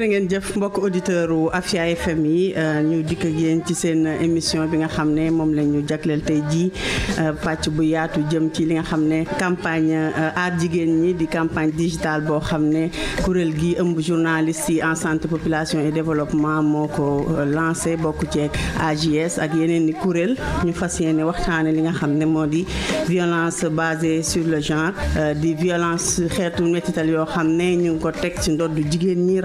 jërë ngeen jëf mbokk auditeur u Afia FM yi euh, ñu dikk ak yéen ci seen émission bi nga xam ne moom la ñu jagleel tey jii euh, pàcc bu yaatu jëm ci li nga xam ne campagne euh, aar jigéen ñi di campagne digitale boo xam ne kuréel gi ëmb journaliste yi en santé population et développement moo ko lancé bokk ci AJS ak yeneen i kuréel ñu fas yéene waxtaane li nga xam ne moo di violence basée sur le genre di violence xeetu métital yoo xam ne ñu ngi ko teg ci ndoddu jigéen ñi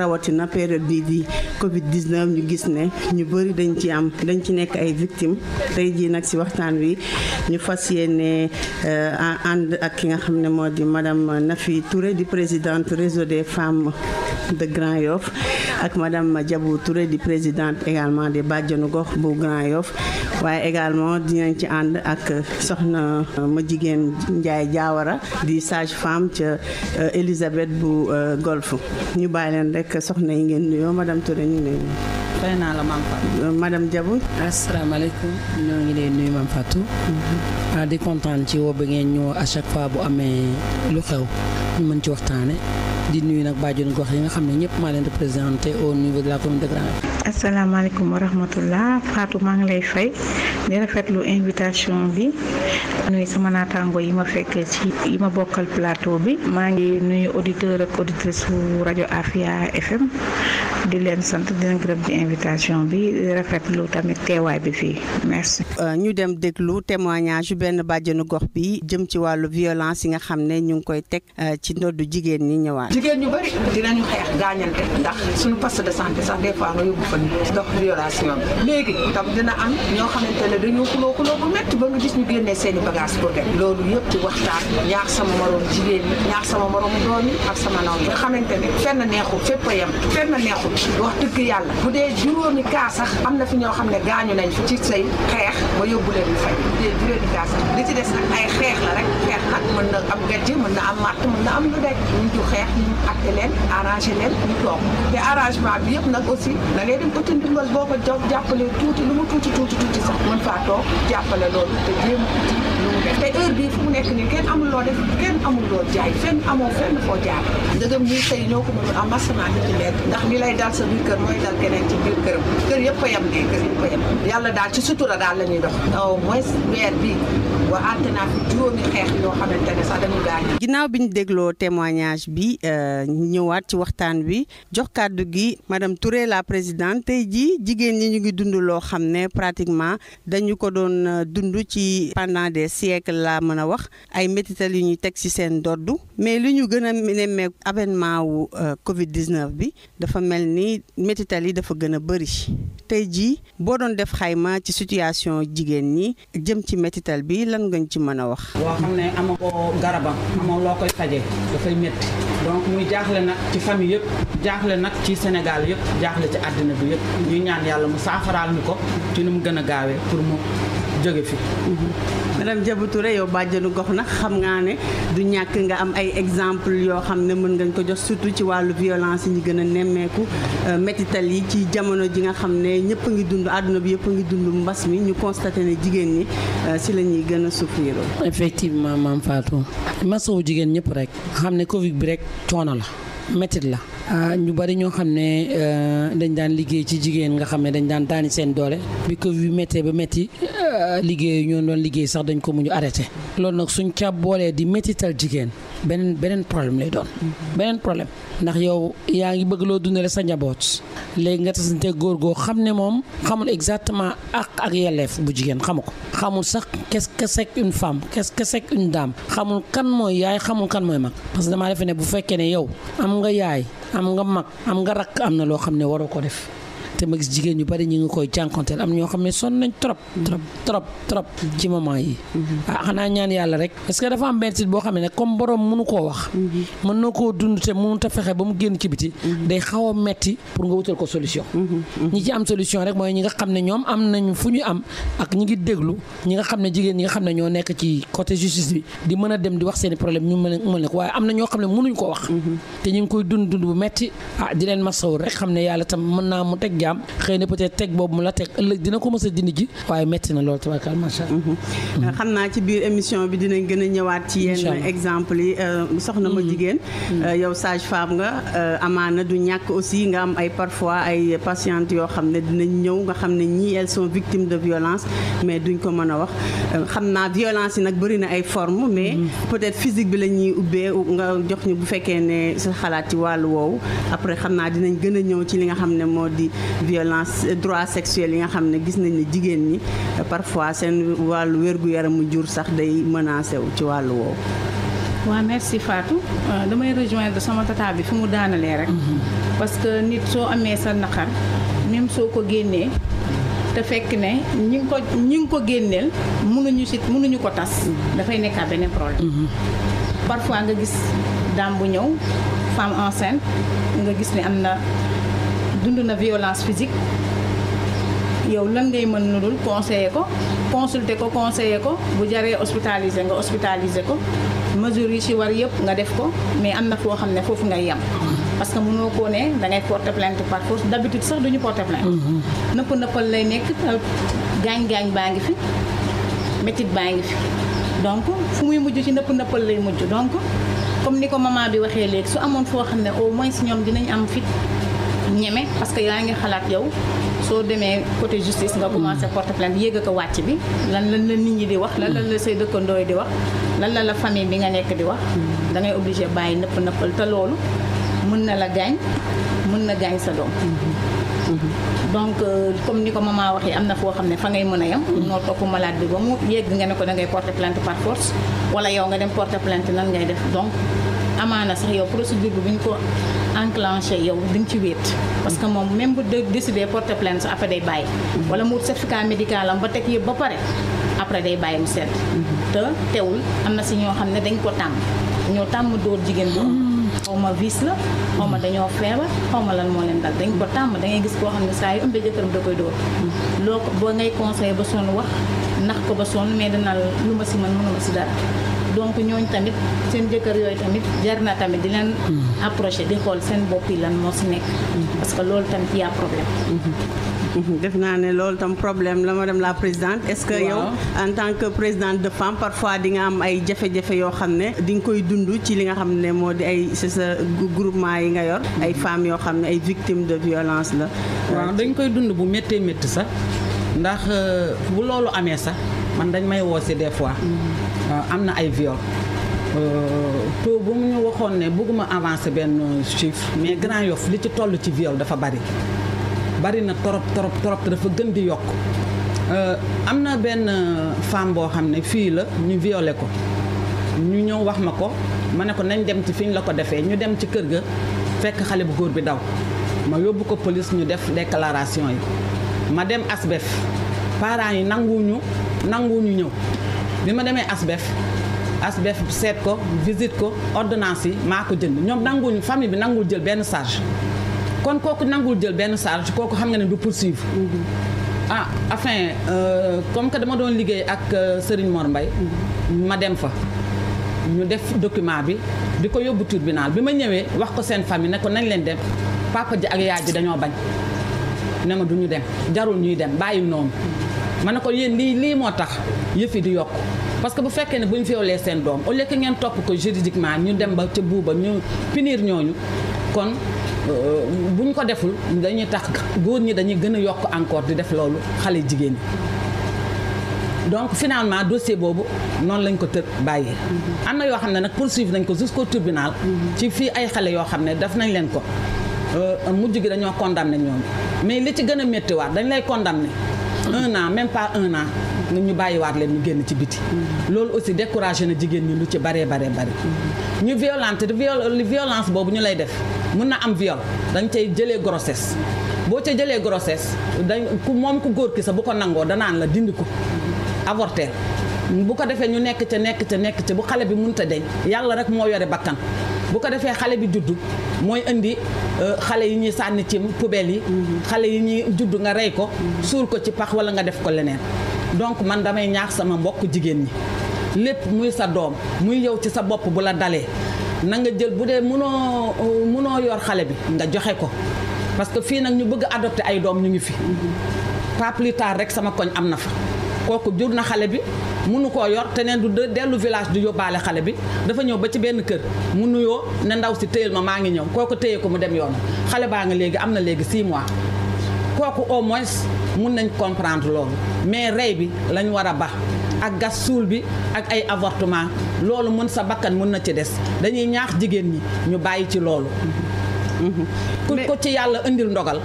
rawatina période bii di Covid 19 ñu gis ne ñu bëri dañ ci am dañ ci nekk ay victimes tey jii nag si waxtaan wi ñu fas yéene euh, ànd ak ki nga xam ne moo di madame Nafi Touré di président réseau des femme de Grand Yoff ak madame jabu Touré di présidente également des bàjjanu gox bu Grand Yoff waaye également dinañ ci ànd ak soxna euh, ma jigéen Ndiaye jaawara di sage femme ca euh, Elisabeth bu Golf ñu bàyyi leen rek soxna yi ngeen nuyoo madame Touré ñu ngi fay naa la maam Fatou. Euh, madame Diabou. asalaamaaleykum ñoo ngi leen nuyu maam Fatou. Mm-hmm. Ah, di kontaan ci woo ba ngeen ñëw à chaque fois bu amee lu xew ñu mën ci waxtaane di nuyu nag bàjjenu gox yi nga xam ne ñëpp maa leen représenté au niveau de la commune de Grand asalaamaaleykum wa rahmatullah Fatou maa ngi lay fay di rafetlu invitation bi nuyu sama naataango yi ma fekk ci yi ma bokkal plateau bi maa ngi nuyu auditeur ak auditrise su rajo Afia FM di leen sant di leen ci invitation bi di rafetlu tamit teewaay bi fii merci. Euh, ñu dem déglu témoignage yu benn bàjjanu gox bi jëm ci wàllu violence yi nga xam ne ñu ngi koy teg euh, ci ndoddu jigéen ñi ñëwaat. jigéen kon dox violation bi léegi tam dina am ñoo xamante ne dañoo xuloo xuloo bu métti ba nga gis ñu génnee seen i bagage pour dem loolu yëpp ci waxtaan ñaax sama morom jigéen ñi ñaax sama morom doom yi ak sama naw yi nga xamante ne fenn neexul fépp a yem fenn neexul wax dëgg yàlla bu dee juróomi kaa sax am na fi ñoo xam ne gaañu nañ fi ci say xeex ma yóbbu leen ñu fay bu dee juróomi kaa li ci des ay xeex la rek xeex nag mën na am gàcce mën na am màtt mën na am lu daj ñu ju xeex ñu leen arrange leen ñu toog te uti ndimbal boo ko jàppalee tuuti lu mu tuuti tuuti tuuti sax mën faa toog jàppale loolu te jéem uti lu mu nekk nii kenn amul loo def kenn amul loo jaay fenn amoo fenn foo jaar ndëgëm ñuy sëy ñoo ko mënul am masanaa ñu nekk ndax li lay dal sa biir kër mooy dal keneen ci biir kër yëpp ko ne kër yëpp ko yàlla daal ci sutura daal la ñuy dox au moins weer bii wa àtte naa fi xeex yoo xamante ne sax dañu gaañ ginnaaw bi ñu dégloo témoignage euh, ñëwaat ci waxtaan bi jox kàddu gi madame Touré la présidente maanaam tey jii jigéen ñi ñu ngi dund loo xam ne pratiquement dañu ko doon euh, dund ci pendant des siècles laa mën a wax ay métital yu ñuy teg ci seen dodd mais li ñu gën a nemmee avènement wu euh, Covid 19 bi dafa mel ni métital yi dafa gën a bëri. tey jii boo doon def xayma ci situation jigéen ñi jëm ci métital bi lan ngañ ci mën a wax. boo xam ne amoo ko garabam moom loo koy fajee dafay métti donc muy jaaxle nag ci famille yëpp jaaxle nag ci Sénégal yëpp jaaxle ci àddina bi yëpp ñuy ñaan yàlla mu saafaraal ñu ko ci nu mu gën a gaawee pour mu. jóge fi madame Diabou Touré yow bàjjenu gox nag xam ngaa ne du ñàkk nga am ay exemple yoo xam ne mën ngañ ko jox surtout ci wàllu violence yi ñu gën a nemmeeku euh, métital yi ci jamono ji nga xam ne ñëpp a ngi dund àdduna bi yëpp a ngi dund mbas mi ñu constaté ne jigéen ñi euh, si la ñuy gën a souffrir effectivement maam Fatou masawu jigéen ñëpp rek xam ne covid bi rek coono la métit la Ah, ñu bari ñoo xam ne euh, dañ daan liggéey ci jigéen nga xam ne dañ daan daani seen doole bi que yu méttee ba métti euh, liggéey ñoo doon liggéey sax dañ ko muñu arrêté loolu nag suñ ca boolee di méttital jigéen beneen beneen problème lay doon mm-hmm. beneen problème ndax yow yaa ngi bëgg loo dundale sa njaboot léegi nga tasante góor goo xam ne moom xamul exactement ak ak yelleef bu jigéen xamu ko xamul sax qu'est-ce que c'est une femme qu'est-ce que c'est une xamul kan mooy yaay xamul kan mooy mag parce que damaa defe ne bu fekkee ne yow am nga yaay am nga mag am nga rakk am na loo xam ne waroo ko def te ma gis jigéen ñu bari ñu ngi koy jànkonteel am ñoo xam ne sonn nañ trop. trop trop trop ci moment yi. Mm-hmm. ah xanaa ñaan yàlla rek. parce que dafa am benn tiit mm-hmm. a fexe ba mu génn ci mm-hmm. a metti pour nga wutal ko solution. ñi ci am nga xam ne ñoom am ñi ngi déglu ne ñoo nekk ci côté justice bi di mën a wax seen i xam ne mënuñ koo wax. te ñu ngi koy dund dund bu metti ah di leen masawu rek xam ne yàlla tam mën naa mu teg gi am xëy na peut-être teg boobu mu la teg ëllëg dina a ji waaye metti na loolu mhm. mhm. xam naa ci biir émission bi dinañ gën a ñëwaat ci yenn exemple yi euh, soxna ma mhm. jigéen euh, yow sage femme nga euh, amaana du ñàkk aussi nga am ay parfois ay patientes yoo xam ne dinañ ñëw nga xam ne ñii elles sont victimes de violence mais duñ ko mën a wax xam naa violence yi nag bëri na ay formes mais peut-être physique bi la ñuy ubbee nga jox ñu bu fekkee ne sa xalaat ci wàllu woowu après xam naa dinañ gën a ñëw ci li nga xam ne moo di violence droit sexuel yi nga xam ne gis nañ ne jigéen ñi parfois seen wàll wér-gu-yaram jur sax day menacé wu ci wàll woowu. waa merci Fatou euh, damay rejoindre sama tata bi fu mu daanalee rek. Mhm. parce que nit soo amee sa naqar même soo ko génnee. te fekk ne ñi ngi ko ñi ngi ko génneel mënuñu si mënuñu ko tas dafay nekkaat beneen problème mhm. parfois nga gis daam bu ñëw femme enceinte nga gis ne am na dund na violence physique yow lan ngay mën lu dul conseiller ko consulter ko conseiller ko bu jaree hospitaliser nga hospitaliser ko mesures yi ci war yëpp nga def ko mais am na foo xam ne foofu ngay yem. parce que mënoo koo ne da ngay porter plainte par force d'habitude sax duñu porter plainte. nëpp nëppal lay nekk gaañ-gaañ baa ngi fi métit baa ngi fi donc fu muy mujj ci nëpp nëppal lay mujj donc comme ni ko maman bi waxee léegi su amoon foo xam ne au moins ñoom dinañ am fit ñeme parce que yaa ngi xalaat yow soo demee côté justice nga commencé porte plainte yéeg a ko wàcc bi lan lan la nit ñi di wax lan lan la say dëkkandooy di wax lan la la famille bi nga nekk di wax da ngay obligé bàyyi nëpp nëppal te loolu mën na la gaañ mën na gaañ sa doom donc euh, comme ni ko ma wax waxee am na foo xam ne fa ngay mën a yem mm-hmm. noo topp malade bi ba mu yegg nga ne ko da ngay porter plainte par force wala yow nga dem port plant lan ngay def donc amaana sax yow procédure bi bu ñu ko enclenché yow di nga ci wéet parce que moom même bu décidé porter plainte sa après day bàyyi wala mu wut certificat médical am ba teg yëpp ba pare après day bàyyi mu seet te teewul am na si ñoo xam ne dañ ko tàmm ñoo tàmm door jigéen bi xaw ma vice la xaw ma dañoo feebar xaw ma lan moo leen dal dañ ko tàmm da ngay gis koo xam ne saa yu ëmbee jëkkëram da koy dóor loo ko ba ngay conseillé ba sonn wax nax ko ba sonn mais dana lu ma donc ñooñ tamit seen jëkkër yooyu tamit jar na tamit di leen hmm. approché di xool seen bopp yi lan moo si nekk hmm. parce que loolu tamit y a problème hmm. def naa ne loolu tam problème la madame la présidente est-ce que yow en tant que présidente de femme parfois di am ay jafe-jafe yoo xam ne di nga koy dund ci li nga xam ne moo di ay c'est sa groupement yi nga yor ay femmes yoo xam ne ay victimes de violence la waaw euh, dañ koy dund bu méttee métti sax ndax euh, bu loolu amee sax man dañ may woo si des fois Euh, am na ay viol euh, taux bu mu ñu waxoon ne bëgguma avancer benn chiffre mais Grand Yoff li ci toll ci viol dafa bari bari na torop torop torop te dafa gën di yokk euh, am na benn femme boo xam ne fii la ñu viole ko ñu ñëw wax ma ko ma ne ko nañ dem ci fiñ la ko defee ñu dem ci kër ga fekk xale bu góor bi daw ma yóbbu ko polis ñu def déclaration yi ma dem asbef parents yi nanguwuñu nanguwuñu ñëw bi ma demee ASBEF ASBEF seet ko visite ko ordonnance yi maa ko jënd ñoom nanguñu famille bi nangul jël benn charge kon kooku nangul jël benn charge kooku xam nga ne du poursuivre. Mm-hmm. ah enfin euh, comme que dama doon liggéey ak euh, Serigne Mor Mbaye mm-hmm. ma dem fa ñu def document bi di ko yóbbu tribunal bi ma ñëwee wax ko seen famille ne ko nañ leen dem papa ji ak yaay ji dañoo bañ ne ma duñu ñu dem jarul ñuy dem bàyyi noonu mm-hmm. ma ne ko yéen lii lii moo tax yëf di yokk parce que bu fekkee ne bu ñu violer seen doom au lieu que ngeen topp ko juridiquement ñu dem ba ca buuba ñu punir ñooñu kon euh, bu ko deful dañuy tax góor ñi dañuy gën a yokk encore di def loolu xale jigéen donc donc finalement dossier boobu noonu lañ ko tër bàyyi mm-hmm. am na yoo xam ne nag poursuivre nañ ko jusqu'au tribunal. Mm-hmm. ci fii ay xale yoo xam ne def nañ leen ko euh, mujj gi dañoo condamné ñoom mais li ci gën a méttiwaat dañ lay condamné un an même pas un an. ñun ñu bàyyiwaat leen ñu génn ci biti loolu aussi découragé na jigéen ñi lu ci baree baree bari ñu violente violence boobu ñu lay def mun na am viol dañ cay jële grossesse boo ca jëlee grossesse dañ ku moom ku góor ki sax bu ko nangoo danaan la dindi ko avorter bu ko defee ñu nekk ca nekk ca nekk ca bu xale bi mënta deñ yàlla rek moo yore bakkan bu ko defee xale bi juddu mooy indi euh, xale yi ñuy sànni ci poubelle yi mm-hmm. xale yi ñuy juddu nga rey ko mm-hmm. suul ko ci pax wala nga def ko leneen donc man damay ñaax sama mbokk jigéen ñi lépp muy sa doom muy yow ci sa bopp bu la dalee na nga jël bu dee munoo munoo yor xale bi nga joxe ko parce que fii nag ñu bëgg adopté ay doom ñu ngi fi pas rek sama koñ am na fa kooku jur na xale bi munu koo yor te neen du dellu village du yóbbaale xale bi dafa ñëw ba ci benn kër mu nuyoo ne ndaw si téyel ma maa ngi ñëw kooku téye ko mu dem yoon xale baa nga léegi am na léegi 6 mois kooku au moins mun nañ comprendre loolu mais rey bi lañ war a baax ak gas suul bi ak ay avortement loolu mën sa bakkan mun na ci des dañuy ñaax jigéen ñi ñu bàyyi ci loolu mm-hmm. ku ko ci yàlla indil ndogal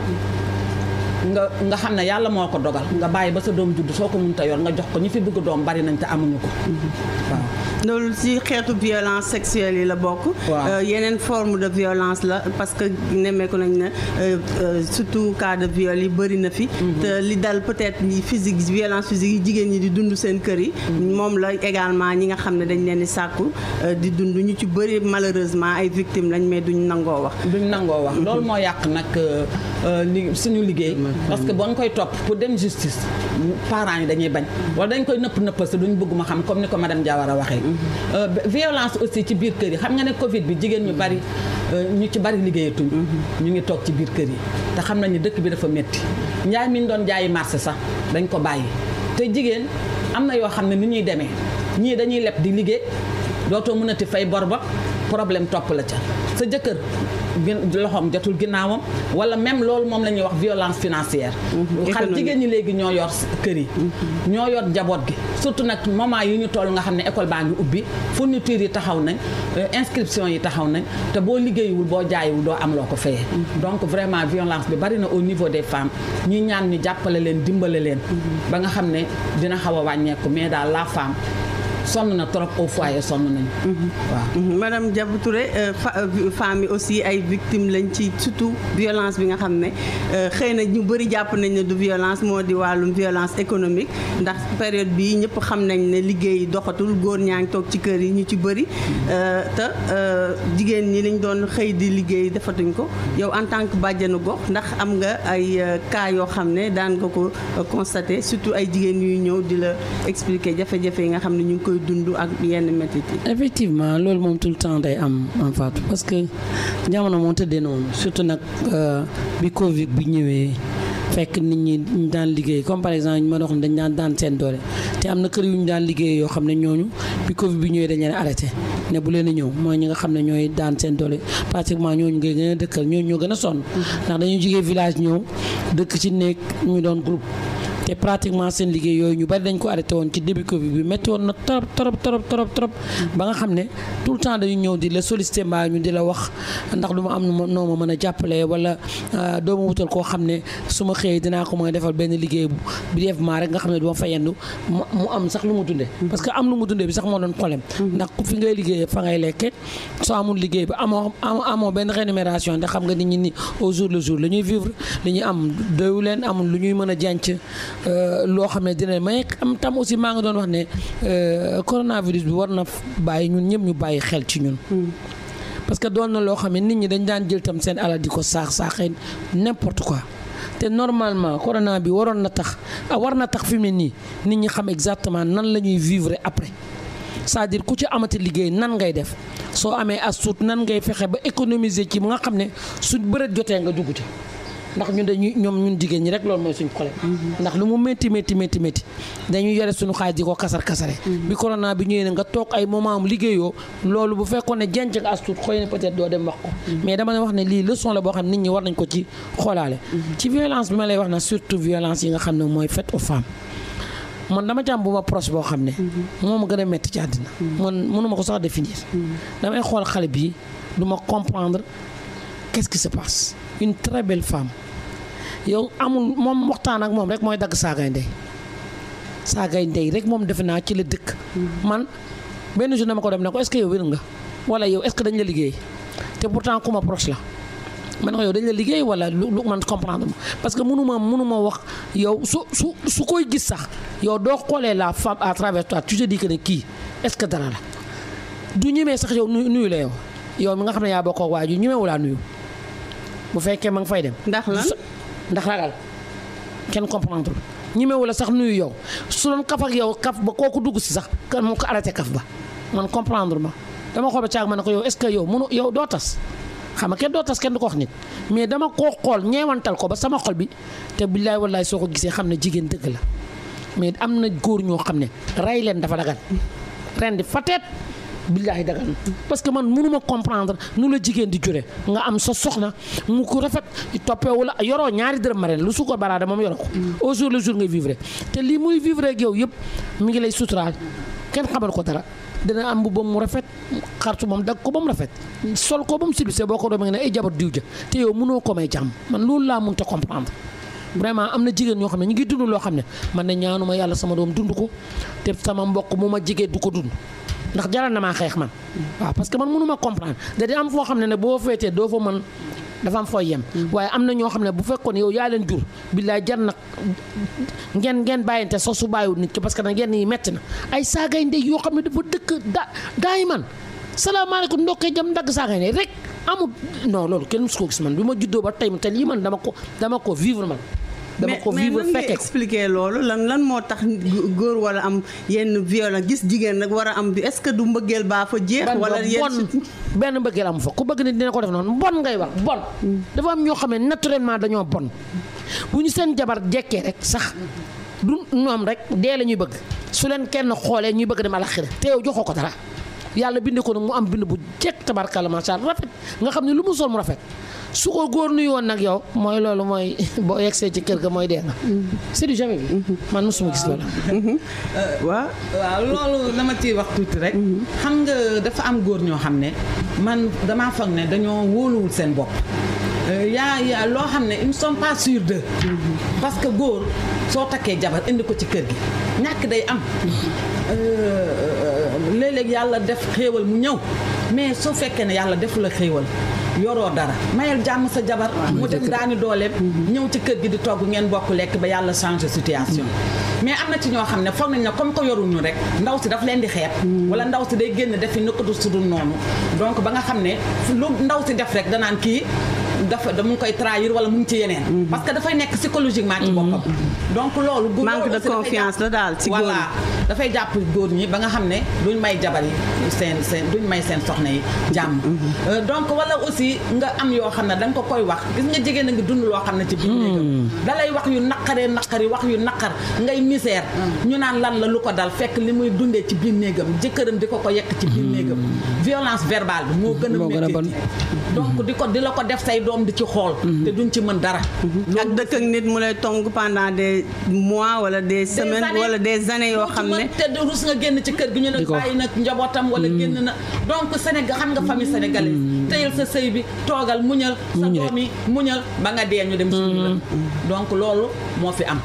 nga nga xam ne yàlla moo ko dogal nga bàyyi ba sa doom judd soo ko mënta yor nga jox ko ñi fi bëgg doom bari nañ te amuñu ko mm-hmm. waaw loolu ci xeetu violence sexuelle yi la bokk euh, yeneen forme de violence la parce que nemmeeku nañ ne euh, euh, surtout cas de yi bëri na fi mm-hmm. li dal peut-être physique violence physique yi jigéen ñi di dund seen kër yi mm-hmm. moom la également ñi nga xam ne dañ leen di sàkku di dundu ñu ci bëri malheureusement ay victimes lañ mais duñ nangoo wax duñ nangoo wax loolu moo yàq nag suñu liggéey parce que boo nga koy topp pour dem justice parent yi dañuy bañ wala dañ koy nëpp nëppal sa duñ bëgg ma xam comme ni ko madame Diawara waxee euh, violence aussi ci biir kër yi xam nga ne covid bi jigéen ñu bari euh, ñu ci bari liggéeyatuñ mm-hmm. ñu ngi toog ci biir kër yi te xam nañu dëkk bi dafa métti njaay mi ñu doon jaayi marché sax dañ ko bàyyi te jigéen am na yoo xam ne ni ñuy demee ñii dañuy leb di liggéey dootoo mënati fay bor ba problème topp la ca sa jëkkër loxoom jotul ginnaawam wala même loolu moom la ñuy wax violence financière mmh, xal jigéen ñi léegi ñoo yor kër yi mmh. ñoo yor njaboot gi surtout nag moment yi ñu toll nga xam ne école baa ngi ubbi fourniture yi taxaw nañ euh, inscription yi taxaw nañ te boo liggéeyiwul boo jaayiwul doo am loo ko fayee mmh. donc vraiment violence bi bari na au niveau des femmes ñi ñaan ñu jàppale leen dimbale leen ba nga xam ne dina xaw a wàññeeku mais daal la femme sonn na trop au foyer sonn nañu. waaw madame Diabou euh, euh, yi aussi ay victimes lañ ci surtout violence bi nga xam ne euh, xëy na ñu bëri jàpp nañ ne du violence moo di wàllum violence économique ndax période bi ñëpp xam nañ ne liggéey doxatul góor ñaa ngi toog ci kër yi ñu ci bëri te jigéen ñi lañ doon xëy di liggéey defatuñ ko yow en tant que bàjjenu gox ndax am nga ay cas yoo xam ne daan nga ko constaté surtout ay jigéen yuy ñëw di la expliquer jafe-jafe yi nga xam ne dund ak yenn métit yi. effectivement loolu moom tout le temps day am en fait parce que jamono moo tëddee noonu surtout nag euh, bi Covid bi ñëwee. fekk nit ñi ñu daan liggéey comme par exemple ñu dañ daan daan seen doole te am na kër yu ñu daan liggéey yoo xam ne ñooñu bi Covid bi ñëwee dañ leen arrêté ne bu leen a ñëw mooy ñi nga xam ne ñooy daan seen doole pratiquement ñooñu ngay gën a dëkkal ñooñu ñoo gën a sonn ndax dañuy jógee village ñëw dëkk ci néeg ñu doon group te pratiquement seen liggéey yooyu ñu bari dañ ko arrêté woon ci début Covid bi métti woon na trop trop trop trop trop ba nga xam ne tout le temps dañu ñëw di la solliciter mbaa ñu di la wax ndax du ma am noo ma mën a jàppale wala euh, doo ma koo xam ne su xëyee dinaa ko mën a benn liggéey bu bi def maa rek nga xam ne du ma fa mu am sax lu mu dundee parce que am lu mu dundee bi sax moo doon problème ndax ku fi ngay liggéeyee fa ngay lekke soo liggéey bi amoo amoo benn rémunération ndax xam nga nit ñi ni au jour le jour la ñuy vivre li ñuy am leen amul lu ñuy mën a jànc Euh, loo xam ne dina may am tam aussi maa nga doon wax ne euh, coronavirus bi war na bàyyi ñun ñëpp ñu bàyyi xel ci ñun. Hmm. parce que doon na loo xam ne nit ñi dañ daan jël tam seen alal di ko saax saaxee n'importe quoi. te normalement corona bi waroon na tax ah, war na tax fi mu ne nii nit ñi xam exactement nan la ñuy vivre après cest à ku ci amati liggéey nan ngay def soo amee as tuut nan ngay fexe ba économiser ci mu nga xam ne suñ bërët jotee nga dugg ci ndax ñun dañuy ñoom ñun jigéen ñi rek loolu mooy suñu problème ndax lu mu métti métti métti dañuy yore suñu xaaj di ko kasar kasare bi corona bi ñu ne nga toog ay moment am liggéeyoo loolu bu fekkoon ne jenc nga as tuut xëy doo dem wax mais dama ne wax lii leçon la boo xam ne nit ñi war nañ ko ci xoolaale ci violence bi ma lay wax na surtout violence yi nga xam ne mooy faite aux femmes man dama ci am bu ma proche boo xam ne moo ma gën a metti ci àddina man mënuma ko sax définir damay xool xale bii du ma comprendre qu'est-ce qui se passe une très belle femme yow amul moom waxtaan ak moom rek mooy dagg saagay ndey saagay ndey rek moom defe naa ci la dëkk. man benn jour ma ko dem ne ko est-ce que yow wér nga wala yow est-ce que dañ la liggéey te pourtant ku ma proche la. man ko dañ liggéey wala lu man comprendre parce que mënu ma mënu ma wax yow su su su koy gis sax yow doo xoolee la femme à travers toi tu te dis que ne kii est-ce que dara la du ñemee sax yow nuyu la yow yow mi nga xam ne yaa bokkoo waa ji laa nuyu. bu fekkee ma nga fay dem. ndax lan ndax ragal kenn comprendre ñemewu la sax nuyu yow su doon kaf ak yow kaf ba kooku dugg si sax kan moo ko arrêté kaf ba man comprendre ma dama xool ba caag ma ne ko yow est-ce que yow mënu yow doo tas. xam nga kenn doo tas kenn du ko wax nit mais dama koo xool ñeewantal ko ba sama xol bi te billaay wallaay soo ko gisee xam ne jigéen dëgg la mais am na góor ñoo xam ne rey leen dafa dagan ren di fateet billaahi dagan parce que man mënuma comprendre nu la jigéen di jure nga am sa soxna mu ku rafet toppeewu la yoroo ñaari dërëm marraine lu su ko baraada moom yoroo ko mm. au le jour ngay te li muy vivre ak yëpp mi ngi lay suturaal kenn xamal ko dara dina am bu ba mu rafet xartu moom dag ko ba mu rafet mm. sol ko ba mu silbise boo ko doon nga ne ay jabar diw ja te yow mënoo ko may jàmm man loolu laa mënta comprendre vraiment am na jigéen ñoo xam ne ñu ngi dund loo xam ne man ne ñaanuma yàlla sama doom dund ko te sama mbokk mu ma jigéen du ko dund ndax jaral na maa xeex man waaw parce que man mënu ma comprendre da di am foo xam ne ne boo féetee doo fa man dafa am fooy yem mm. waaye am na ñoo xam ne bu fekkoon yow yaa leen jur billaay jar na ngeen ngeen bàyyante soo su bàyyiwul nit ki parce que nag yenn yi metti na ay saagay ndey yoo xam ne dafa dëkk da daay man salaamaaleykum ndokkee jam ndagg saagay ndey rek amul non loolu kenn musu ko gis man bi ma juddoo ba tey te lii man dama ko dama ko vivre man dama ko vivre fekkee mais mais expliquer loolu lan lan moo tax góor wala am yenn violence gis jigéen nag war a am bi est-ce que du mbëggeel baa fa jeex. wala yenn benn mbëggeel am fa ku bëgg nit dina ko def noonu bon ngay wax bon. Hmm. dafa am ñoo xam ne naturellement dañoo bon bu ñu seen jabar jekkee rek sax. du ñoom rek dee la ñuy bëgg su leen kenn xoolee ñuy bëgg dem alaxira te yow joxoo ko dara yàlla bind ko nag mu am bind bu jekk tabarkalla macha rafet nga xam ne lu mu sol mu rafet su ko góor nuyu woon nag yow mooy loolu mooy boo yegsee ci kër ga mooy dee nga. Mm-hmm. c'est du jamais bi. Mm-hmm. man mosuma gis loolu. Mm-hmm. Euh, waaw waaw loolu dama ciy wax tuuti rek. xam nga dafa am góor ñoo xam ne man dama foog ne dañoo wóoluwul seen bopp. Euh, yaa yaa loo xam ne ils ne sont parce que góor soo takkee jabar indi ko ci kër gi ñàkk day am euh, léeg-léeg yàlla def xéewal mu ñëw mais soo fekkee ne yàlla defu la xéewal yoroo dara mayal jàmm sa jabar mu dem daani dooleem mm-hmm. ñëw ci kër gi di togg ngeen bokk lekk ba yàlla changé situation mm-hmm. mais am na ci ñoo xam ne foog nañ ne comme ko ñu rek ndaw si dafa leen di xeeb mm-hmm. wala ndaw si day génn defi nëkkatu sudul noonu donc ba nga xam ne lu ndaw si def rek danaan kii dafa da mu ngi koy trahir wala mu ngi ci yeneen. Mhm. parce dafay nekk psychologiquement ci boppam. Mhm. donc loolu bu manque de confiance daal ci góor voilà jàpp góor ñi ba nga xam ne duñ may jabar seen seen duñ may seen soxna yi jàmm. Mhm. Euh, donc wala aussi nga am yoo xam ne da ko koy wax gis nga jigéen a ngi dund loo xam ne ci biir néegam. da lay wax yu naqaree naqari wax yu naqar ngay misère. ñu naan lan la lu ko dal fekk li muy dundee ci biir néegam jëkkëram di ko ko yekk ci biir néegam violence verbale bi moo gën a métti donc di ko di la ko def say doom di ci xool. Mhm. te duñ ci mën dara. Mhm. ak dëkk ak mu lay tong pendant des mois wala des semaines wala des années yoo xam ne. te rus nga génn ci kër gi ñu ne bàyyi nag njabootam wala mhm. génn na donc Sénégal xam nga famille sénégalaise. teyal sa sëy bi toogal muñal. sa doom yi muñal ba nga dee ñu dem. donc loolu moo fi am.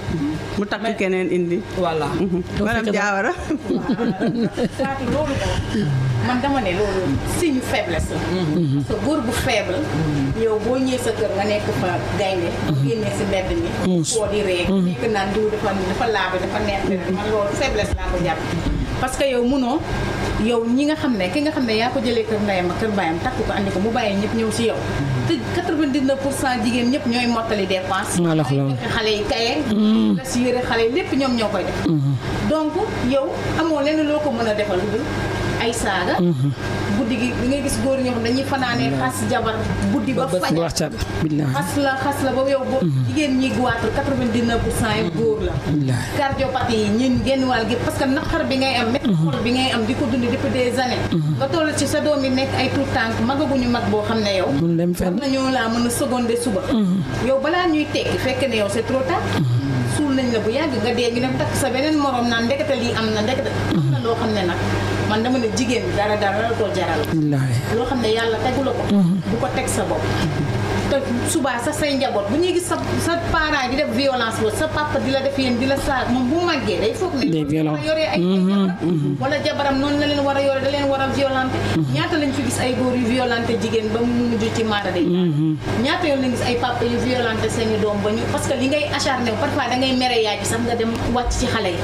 mu takk keneen indi. voilà. madame Diawara. man dama ne loolu signe faiblesse la. Mhm. sa góor bu faible. Mhm. yow boo ñëwee sa kër nga nekk fa gaynde. Mhm. génnee si mbedd mi. koo di ree. nekk naan diw dafa dafa laabe dafa neex man loolu faiblesse laa ko jàpp. parce que yow munoo yow ñi nga xam ne ki nga xam ne yaa ko jëlee kër ndeyam ak kër baayam takk ko andi ko mu bàyyi ñëpp ñëw si yow. te 99 pour cent jigéen ñëpp ñooy mottali dépense. maa la xale yi kaye. la si yëre xale yi lépp ñoom ñoo koy donc yow amoo lenn loo ko mën a defal lu ay saaga. Mhm. guddi gi li ngay gis góor ñoo xam dañuy fanaanee xas jabar guddi ba fajar xas la xas la ba yow ba mhm. jigéen ñi guwaatul 99 pour cent yi góor la cardiopathie yi ñun genn wàll gi parce que naqar bi ngay am métti mhm. xol bi ngay am di ko dund depuis des années nga toll ci sa doom yi nekk ay tout tànk magaguñu mag boo xam ne yow war nañoo laa mën a seconder suba yow balaa ñuy tekki fekk ne yow c'est trop tard suul nañ la bu yàgg nga dee ngi dem sa beneen morom naan ndekete lii am na ndekete loo xam ne nag man dama ne jigéen dara dara la ko jaral. loo xam ne yàlla tegu la ko. bu mhm. ko teg sa bopp. te subaa sa say njaboot bu ñuy gis sa sa parent di def violence boobu sa papa di la def yéen di la saa moom bu màggee day foog ne. day violence yoree mhm. mhm. wala jabaram noonu la leen war a yore da leen war a violenté. ñaata lañ fi gis ay góor yu violenté jigéen ba mu mujj ci mara day. ñaata yoon lañ gis ay papa yu violenté seen doom ba ñu parce que li ngay acharné parfois da ngay mere yaay ci sax dem wàcc ci xale yi.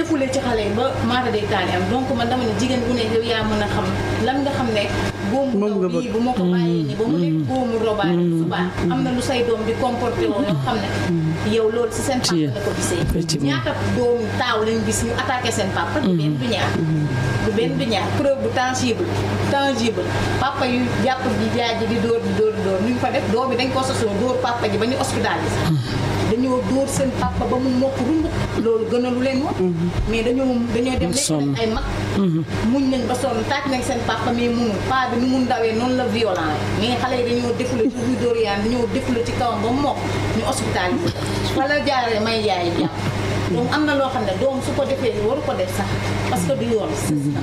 défoulé ci xale yi ba maara day taali am donc man dama ne jigéen bu ne yaa mën a xam lan nga xam ne góomu ndaw bii bu ma ko mm-hmm. bàyyee ni ba mu nekk mm-hmm. góomu robaat mm-hmm. suba am na lu say doom di comporté woo loo xam ne yow loolu si seen papa la ko gisee ñaata doomu taaw lañ gis ñu attaqué seen papa du benn du ñaar du benn du ñaar preuve bu tangible tangible papa yu jàpp ji jaaji di dóor di dóor di dóor ñu fa def doom bi dañ ko sosoo dóor papa ji ba ñu hospitalisé dañoo dóor seen papa ba mu mokk rund loolu gën a lu leen woon mhm. mais dañoo dañoo dem lekk ay mag mhm. muñ nañ ba sonn taaj seen papa mais munul paa bi nu mun dawee noonu la violent mais xale yi dañoo defula ci buy dóor yaan dañoo defula ci kawam ba mokk ñu hospitalisé wala jaaree may yaay jàpp donc am na loo xam ne doom su ko defee war ko def sax parce que du yoon mhm.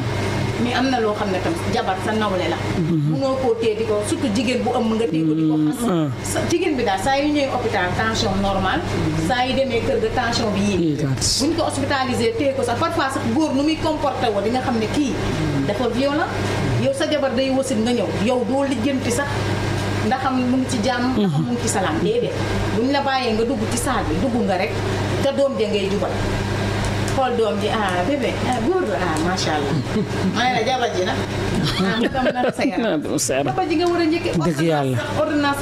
mais am na loo xam ne tam jabar sa nawle la mhm. munoo koo tee di ko surtout jigéen bu ëmb nga tee ko di ko xas mhm. mm. jigéen bi daal saa yu ñëwee hôpital tension normale mhm. saa yu demee kër ga tension bi yéeg buñ ko hospitalisé tee ko sax parfois sax góor nu muy comporté woo di nga xam ne kii dafa la yow sa jabar day wasin nga ñëw yow doo lijjanti sax ndaxam mu ngi ci jàmm ndaxam mu ngi ci salaam déedéet buñ la bàyyee nga dugg ci saal bi dugg nga rek te doom ja ngay jubal xool doom ji ah, ah, ah macha allah. ma ne la jabar ji nag. ah mu dara sa yaram. papa ji nga war a njëkkee. dëgg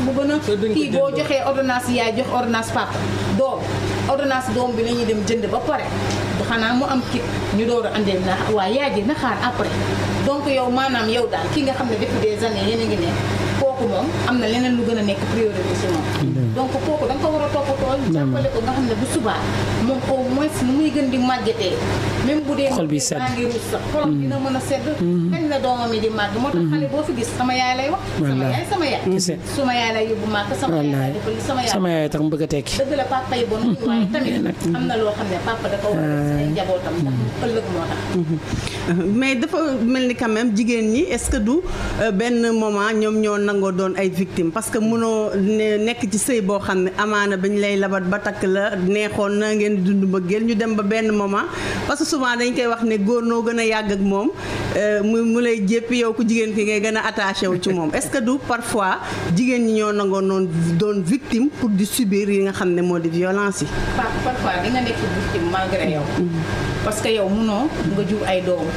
bu gën a. kii boo joxee ordonnance yaay jox ordonnance papa. doom ordonnance doom bi la ñuy dem jënd ba pare. xanaa mu am kit ñu door a andee na waa yaay ji na xaar après donc yow maanaam yow daal ki nga xam ne depuis des années yéen a ngi ne. kooku am na leneen lu gën nekk priorité mm-hmm. a toppatoo xol bi sedd mm-hmm. a sedd mm-hmm. kañ la doomam yi sama yaay lay bëgg a tekki dëgg da ko ah. euh, mais dafa mel ni quand même jigéen ñi est-ce que du euh, benn moment ñoom ñoo nangu nangoo doon ay victime parce que mënoo nekk ci sëy boo xam ne amaana bañ lay labat ba takk la neexoon na ngeen dund mbëggeel ñu dem ba benn moment parce que souvent dañ koy wax ne góor noo gën a yàgg ak moom euh, mu mu lay jéppi yow ku jigéen ki ngay gën a attaché wu ci moom est-ce que du parfois jigéen ñi ñoo nangoo noon doon victime pour di subiir yi nga xam ne moo di violence yi parfois di nekk victime malgré yow mm-hmm. parce que yow mënoo nga jur ay doom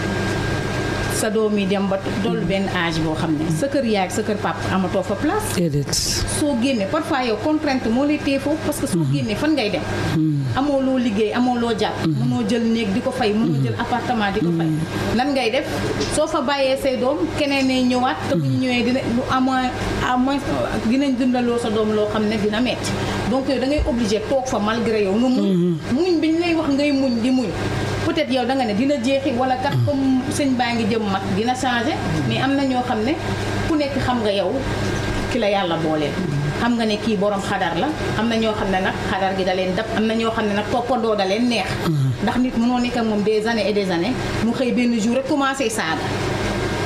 sa doom yi dem ba dool benn âge boo xam ne sa kër yaay ak sa kër papa amatoo fa place. soo génnee parfois yow contrainte moo lay téye parce que soo hmm. génnee fan ngay dem. Hmm. amoo loo liggéey amoo loo jàpp. Hmm. mënoo jël néeg di ko fay. mënoo jël appartement di ko fay. lan ngay def soo fa bàyyee say doom keneen ay ñëwaat. te bu ñu ñëwee dina lu amoon à moins dinañ dundaloo sa doom loo xam ne dina metti donc yow da ngay obligé toog fa malgré yow. nga muñ muñ bi ñu lay wax ngay muñ di muñ. peut-être yow da ne dina jeexi wala kat comme sëñ baa ngi jëm mag dina changé mais am na ñoo xam ne ku nekk xam nga yow ki la yàlla booleel xam nga ne kii borom xadar la am na ñoo xam ne nag xadar gi da leen dab am na ñoo xam ne nag toppandoo da leen neex mm-hmm. ndax nit mënoo nekk ak moom des années et des années mu xëy benn jour rek commencé saaga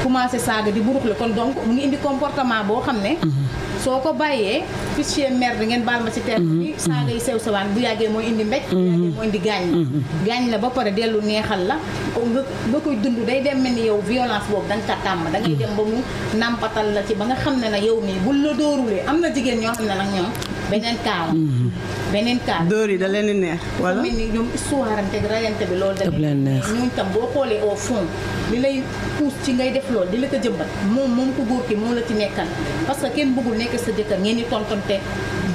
commencé saaga di buruxle kon donc mu indi comportement boo xam ne mhm. soo ko bàyyee fichier merde ngeen baal ma ci terme bi mhm. Mhm. saaga yi sew sawaan bu yàggee mooy indi mbéj bu yàggee mooy indi gaañ la gaañ la ba pare dellu neexal la nga koy dund day dem mel ni yow violence boobu da nga ko tàmm da dem ba mu nàmpatal la ci ba nga xam ne na yow mii bu la dóorulee am na jigéen ñoo xam ne nag ñoom beneen kaa la. Mhm. beneen kaa la dóor yi da leen di neex. wala mel ni ñoom histoire am teg rayante bi loolu. daf leen neex ñun tam boo xoolee au fond li lay pousse ci ngay def loolu di la ko jëmbat moom moom ko góor ki moom la ci nekkal parce que kenn bëggul nekk sa jëkkër ngeen di tontonte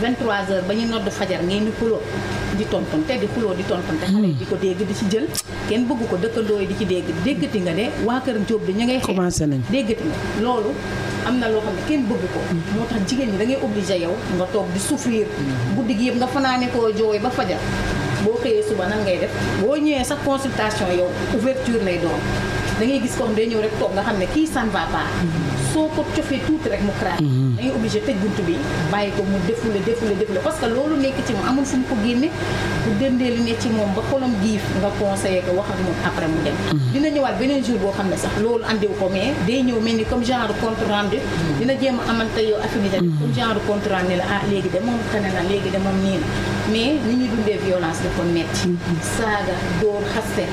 23h ba ñu nodd fajar ngeen di xuloo di tontonte di xuloo di tontonte mhm. xale di ko dégg di ci jël kenn bëgg ko dëkkandoo yi di ci dégg déggati nga de waa kër Jóob di ñu ngay xeex commencé nañ déggati loolu am na loo xam ne kenn bëgg ko moo tax jigéen ñi dangay ngay obligé yow nga toog di souffrir guddi gi yëpp nga fanaane koo jooy ba fajar boo xëyee suba nan ngay def boo ñëwee sax consultation yow ouverture lay doon da ngay gis ko xam day ñëw rek toog nga xam ne kii ça ne va pas soo ko cofee tuuti rek mu craqué. Mhm. dañuy obligé tëj bunt bi bàyyi ko mu défoule défoule la parce que loolu nekk ci moom amul fu ko génne bu dendee li ne ci moom ba xolam giif nga conseillé ko wax ak moom après mu dem. Mhm. dina ñëwaat beneen jour boo xam ne sax loolu andiw ko mais day ñëw mel ni comme genre compte rendu. Mhm. dina jéem a amante yow affinité. comme genre compte rendu la ah léegi de moom tane na léegi de moom nii na. mais ni ñuy dundee violence dafa metti saaga dóor xaste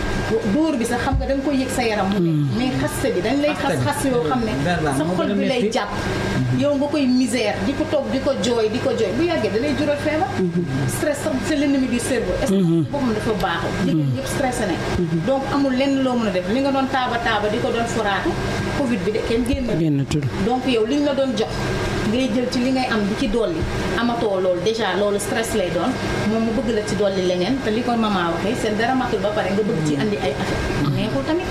dóor bi sax xam nga da nga koy yëg sa yaram mu hmm. ne mais xaste bi dañ lay xas xas yoo xam ne sa xol bi lay jàpp hmm. yow nga koy misère di ko toog di ko jooy di ko jooy bu yàggee da lay jural feebar hmm. stress sax c'est l'ennemi du cerveau est-ce que boobu dafa baaxul jigéen ñëpp stressé nañ donc amul lenn loo mën a def li nga doon taaba taaba di ko doon foraatu covid bi de kenn génn donc yow liñ la doon jox ngay jël ci li ngay am di ci dolli amatoo loolu déjà loolu stress lay doon moom mu bëgg la ci dolli leneen te li ko maman waxee seen dara matul ba pare nga bëgg ci andi ay affaire neexul tamit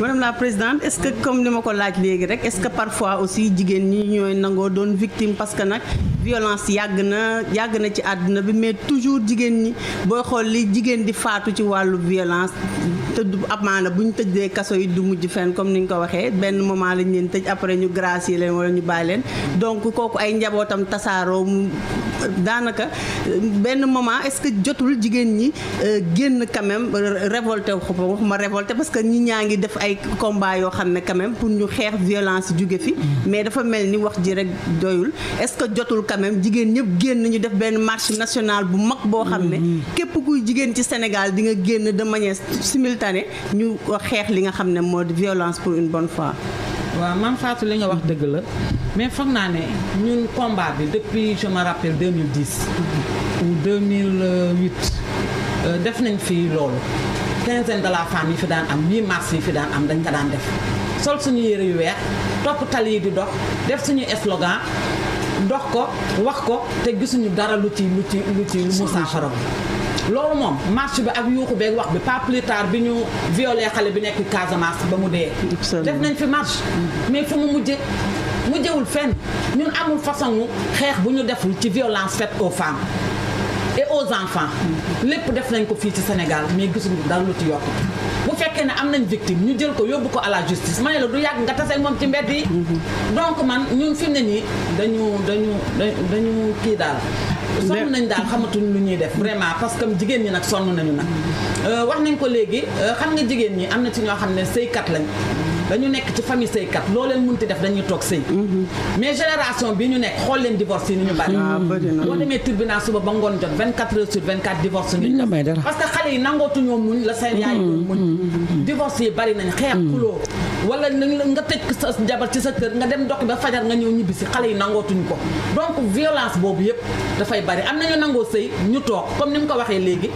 madame la présidente est-ce que comme ni ma ko laaj léegi rek est-ce que parfois aussi jigéen ñi ñooy nangoo doon victime parce que nag violence yàgg na yàgg na ci àdduna bi mais toujours jigéen ñi booy xool li jigéen di faatu ci wàllu violence tëdd amaana bu ñu tëddee kaso yi du mujj fenn comme ni ñu ko waxee benn moment lañ leen tëj après ñu gracier leen wala ñu bàyyi leen donc kooku ay njabootam tasaaroo daanaka benn moment est-ce que jotul jigéen ñi euh, génn quand même révolté waxuma révolté parce que ñi ñaa ngi def ay combat yoo xam ne quand pour ñu xeex violence jóge fi mais dafa mel ni wax ji rek doyul est-ce que jotul quand jigéen ñëpp génn ñu def benn marche national bu mag boo xam ne képp kuy jigéen ci Sénégal di nga génn de manière simultanée ñu xeex li nga xam ne moo di violence pour une bone fois waaw man Fatou li nga wax dëgg la mais foog naa ne ñun combat bi depuis je me rappelle 2010 ou 2008 euh, def nañ fii loolu quinzaine de la femme yi fi daan am 8 mars yi fi daan am dañ ko daan def sol suñu yére yu weex topp tali yi di dox def suñu slogan dox ko wax ko te gisuñu dara lu ci lu ci lu ci lu loolu moom marche bi ak yuuxu beeg wax bi pas plus tard bi ñu violé xale bi nekk Casamance ba mu dee. def nañ fi marche. mais fu mu mujjee mujjewul fen ñun amul façon xeex bu ñu deful ci violence faite aux femmes. et aux enfants lépp def nañ ko fii ci Sénégal mais gisuñu dara lu ci yokk bu fekkee ne am nañ victime ñu jël ko yóbbu ko à la justice ma ne la du yàgg nga tase moom ci mbedd yi mhm. donc man ñun fi mu ne nii dañu dañu dañu kii daal sonn nañ daal xamatuñ lu ñuy def vraiment parce que jigéen ñi nag sonn nañu nag euh, wax nañ ko léegi euh, xam nga jigéen ñi am na ci ñoo xam ne sëykat lañ dañu nekk ci famille sëykat loo leen ti def dañuy toog sëy mhm. mais génération bi ñu nekk xool leen divorce yi ni ñu bari ah, boo demee tribunal suba ba ngoon jot 24 heures sur 24 divorce ni parce que xale yi nangootuñoo muñ la seen yaay mhm. muñ mhm. divorce yi bari nañ xeex xuloo wala nga tëj sa jabar ci sa kër nga dem dox ba fajar nga ñëw ñibbi si xale yi nangootuñ ko donc violence boobu yëpp dafay bari am nañu nangoo sëy ñu toog comme ni mu ko waxee léegi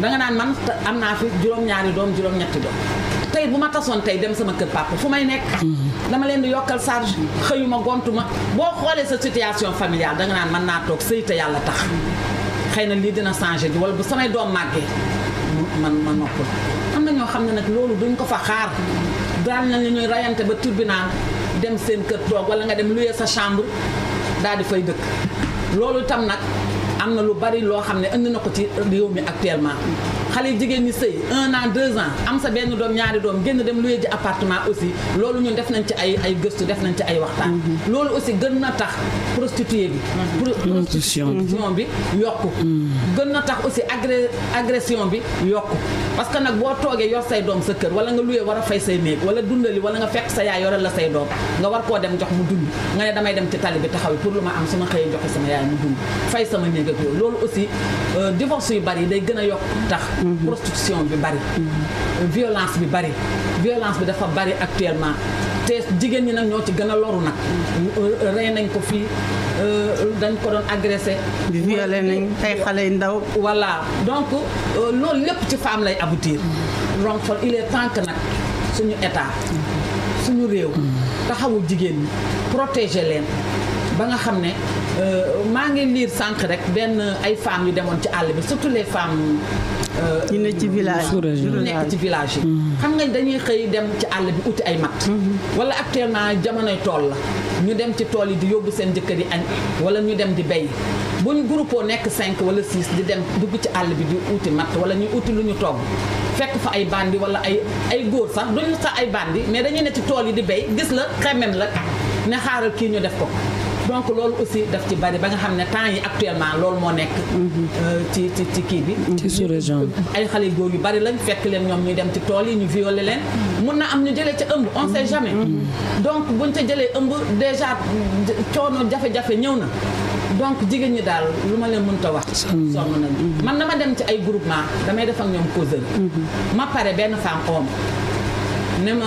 danga naan man am naa fi juróom-ñaari doom juróom-ñetti doom tey bu ma tasoon tey dem sama kër papa fu may nekk mhm. dama leen di yokkal charge xëyuma gontuma boo xoolee sa situation familiale danga naan mën naa toog sëy te yàlla tax xëy na lii dina changé ji wala bu doom màggee man ma am na ñoo xam ne nag loolu duñ ko fa xaar daan nañu ñuy rayante ba tribunal dem seen kër toog wala nga dem luye sa chambre daal di fay dëkk loolu tam nag am na lu bari loo xam ne indi na ko ci réew mi actuellement xale yi jigéen ñi sëy un an deux ans am sa benn doom ñaari doom génn dem luye ji appartement aussi loolu ñun def nañ ci ay ay gëstu def nañ ci ay waxtaan mhm. loolu aussi gën na tax prostituée bi mhm. prostitution bi mhm. yokku gën na tax aussi agré agression bi yokk parce que nag boo toogee yor say doom sa kër wala nga luyee war a fay say néeg wala dundali wala nga fekk sa yaay yoral la say doom nga war koo dem jox mu dund nga ne damay dem ci tali bi taxaw pour lu ma am suma ma xëyee joxe sama yaay mu dund fay sama néeg loolu aussi euh, divorce yu bari day gën a yokk tax mhm. prostitution bi bari mhm. violence bi bari violence bi dafa bari actuellement te jigéen ñi nag ñoo ci gën a loru nag. rey nañ ko fii euh, dañ ko doon agressé. violé nañ ay xale yu ndaw. voilà donc euh, loolu lépp ci femme lay aboutir. donc il est temps nag suñu état. suñu réew. taxawu jigéen ñi protéger leen ba nga xam ne euh, maa ngi liir sànq rek benn ay femmes yu demoon ci àll bi surtout les femmes. ñu ne ci village ñu nekk ci village yi mm. xam nga dañuy xëy dem ci àll bi uti ay matt mm-hmm. wala actuellement jamonoy tool la ñu dem ci tool yi di yóbbu seen jëkkër yi añ wala ñu dem di béy bu ñu groupé nekk cinq wala six di dem dugg ci àll bi di uti matt wala ñu uti lu ñu togg fekk fa ay bandi wala ay ay góor sax duñu sax ay bandi mais dañuy ne ci tool yi di béy gis la xemem la ne xaaral kii ñu def ko donc loolu aussi daf ci bari ba nga xam ne temps yi actuellement loolu moo nekk. Euh, ci ci ci kii bi. ci sous région ay xale góor yu bari lañ fekk leen ñoom ñuy dem ci tool yi ñu violé leen. mun na am ñu jëlee ca ëmb on sait jamais. donc buñ ca jëlee ëmb déjà coono jafe-jafe ñëw na. donc jigéen ñi daal lu ma leen mënta wax. sonn nañu man dama dem ci ay groupement damay def ak ñoom causerie. Mm-hmm. ma pare benn femme ne ma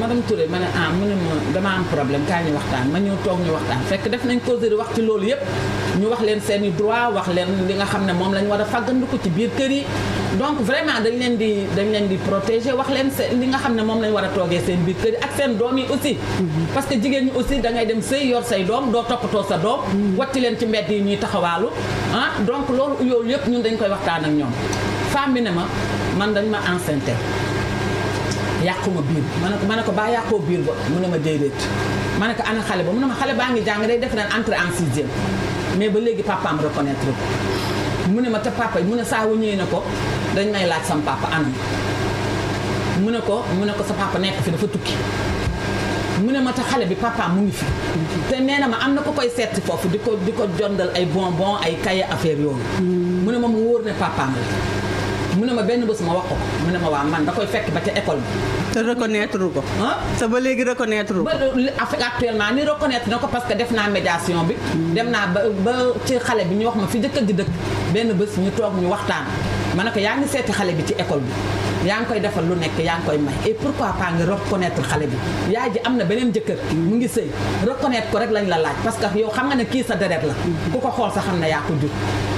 madame Touré ma ne ah mu ne ma dama am problème kaa ñi waxtaan ma ñëw toog ñu waxtaan fekk def nañ causerie wax ci loolu yëpp ñu wax leen seen i droit wax leen li nga xam ne moom lañ war a faggandiku ci biir kër yi donc vraiment dañ leen di dañ leen di protéger wax leen seen li nga xam ne moom lañ war a toogee seen biir kër yi ak seen doom yi aussi mhm. parce que jigéen ñi aussi da ngay dem sëy yor say doom doo toppatoo sa doom mhm. watti leen ci mbedd yi ñuy taxawaalu ah donc loolu yooyu yëpp ñun dañ koy waxtaan ak ñoom femme bi ne ma man dañ ma enceinte yàqu ma biir ma ne ma ne ko baa yàqoo biir ba mu ne ma déedéet ma ne ko ana xale xale baa ngi jàng day def ren entrée mais ba léegi papaam reconnaître ko mu ne ma te papa mu ne saa wu na ko dañ may laaj sam papa anam mu ne ko mu ne ko sa papa nekk dafa tukki mu ne ma xale bi papa mu ngi fi te nee na ma am na ko koy seeti foofu di ko di ko jondal ay bon bon ay kaye affaire yooyu hmm. mu ne ma mu wóor ne papaam la mu ne ma benn bés ma wax ko mu ne ma waa man da koy fekk ba ca école bi. te reconnaître ko. ah te ba léegi reconnaître ko. actuellement ni reconnaître na ko parce que def naa médiation bi. dem naa ba ba ci bi ñu wax ma fi jëkkër ji dëkk benn bés ñu toog ñu waxtaan. ma ne ko yaa ngi seeti xale bi ci école bi yaa ngi koy defal lu nekk yaa ngi koy may pour pourquoi pas nga reconnaître xale bi yaay ji am na beneen jëkkër mu ngi sëy reconnaître ko rek lañ la laaj parce que yow xam nga ne kii sa deret la ku ko xool sa xam ne yaa ko jur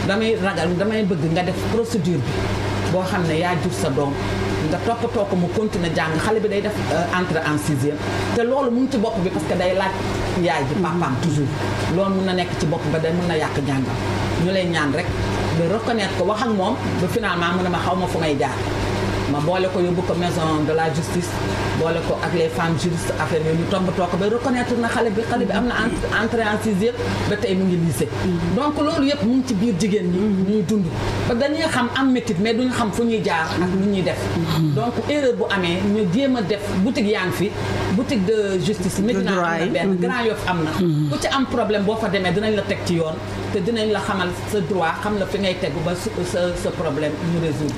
damay ragal damay bëgg nga def procédure bi boo xam ne yaa jur sa doom nga toppatoo ko mu continuer jàng xale bi day def euh, entre en sixième te loolu mu ci bopp bi parce que day laaj yaay ji papaam toujours loolu mun na nekk ci bopp ba day mun na yàq jàngam ñu lay ñaan rek de reconnaître ko wax ak moom ba finalement mun na ma xaw ma fu may jaar ma boole ko yóbbu ko maison de la justice boole ko ak les femmes juristes affaire yooyu ñu tomb toog ba reconnaître na xale bi xale bi am na entrée en sixième ba tey mu ngi lycée mm-hmm. donc loolu yëpp mu ci biir jigéen ñi mm-hmm. ñuy dund ba dañuy xam am métit mais duñu xam fu ñuy jaar ak lu ñuy def mm-hmm. donc erreur bu amee ñu jéem a def boutique yaa ngi fi boutique de justice Médina am na benn Grand Yoff am na ku ci am problème boo fa demee dinañ la teg ci yoon te dinañ la xamal sa droit xam la fi ngay tegu ba sa sa problème ñu résoudre.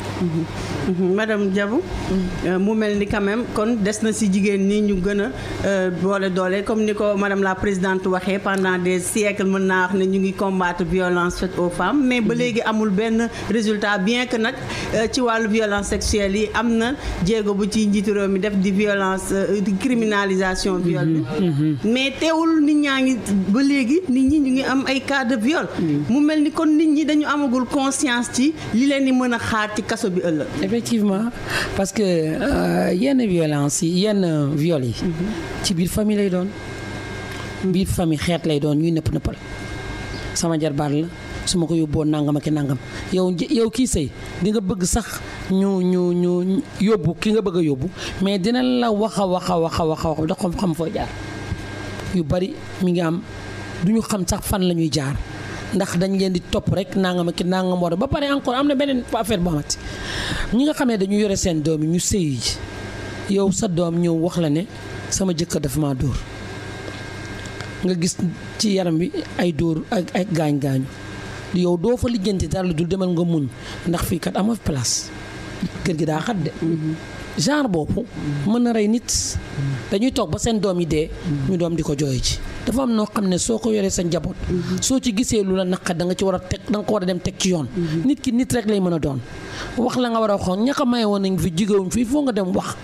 Mhm. madame Diabou. Mhm. Euh, mu mel ni quand même kon des na si jigéen ni ñu gën a euh, boole doole comme ni ko madame la présidente waxee pendant des siècles mën naa wax ne ñu ngi combattre violence faite aux femme mais ba mhm. léegi amul benn résultat bien que nag euh, ci wàllu violence sexuelle yi am na jéego bu ci njiitu réew mi def di violence di criminalisation viol mais teewul nit ñaa ngi ba léegi nit ñi mu mel ni kon nit ñi dañu amagul conscience ci li leen di mën a xaar ci kaso bi ëllëg effectivement parce que euh, yenn violence yi yenn viol yi mhm. ci biir famille lay doon biir famille xeet lay doon ñuy nëpp nëppal sama jarbaat la su ma ko yóbboon nangam ak nangam yow yow kii sëy di nga bëgg sax ñu ñu ñu yóbbu ki nga bëgg a yóbbu mais dina la wax a wax a wax a wax a wax da xam xam foo jaar yu bari mi ngi am du ñu xam sax fan la ñuy jaar ndax dañ leen di topp rek nangam ak nangam war ba pare encore am na beneen affaire boo ñi nga xam ne dañu yore seen doom yi ñu sëy ji yow sa doom ñëw wax la ne sama jëkkër dafa maa dóor nga gis ci yaram wi ay dóor ak ay gaañ-gaañu yow doo fa lijjanti dara lu dul demal nga muñ ndax fii kat amoo place kër gi daa xat de. Mm-hmm. genre boobu mën na rey nit dañuy toog ba seen doom yi dee ñu doom di ko jooy ci dafa am noo xam ne soo ko yoree sa njaboot soo ci gisee lu la naqar da nga ci war a teg da ko war a dem teg ci yoon mm-hmm. nit ki nit rek lay mën a doon wax la nga war a waxoon ña ko maye woon nañ fi jigéewuñ fii foo nga dem wax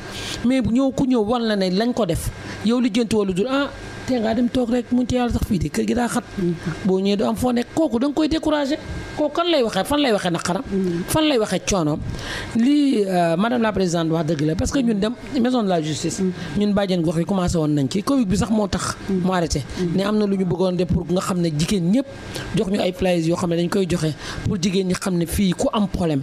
mais ñëw ku ñëw wan la ne lañ ko def yow lijjanti wala dul ah tey ngaa dem toog rek muñ sax fii de kër gi daa xat boo ñëwee du foo nekk kooku da nga koy découragé kooku kan lay waxee fan lay waxee naqaram fan lay waxee coonoom lii euh, madame la présidente wax dëgg la parce que ñun dem maison de la justice ñun bàjjen gox commencé woon nañ ci covid bi sax moo tax mu am na lu ñu bëggoon def pour nga xam ne jigéen ñëpp jox ñu ay flyers yoo xam ne dañ koy joxe pour jigéen ñi xam ne fii ku am problème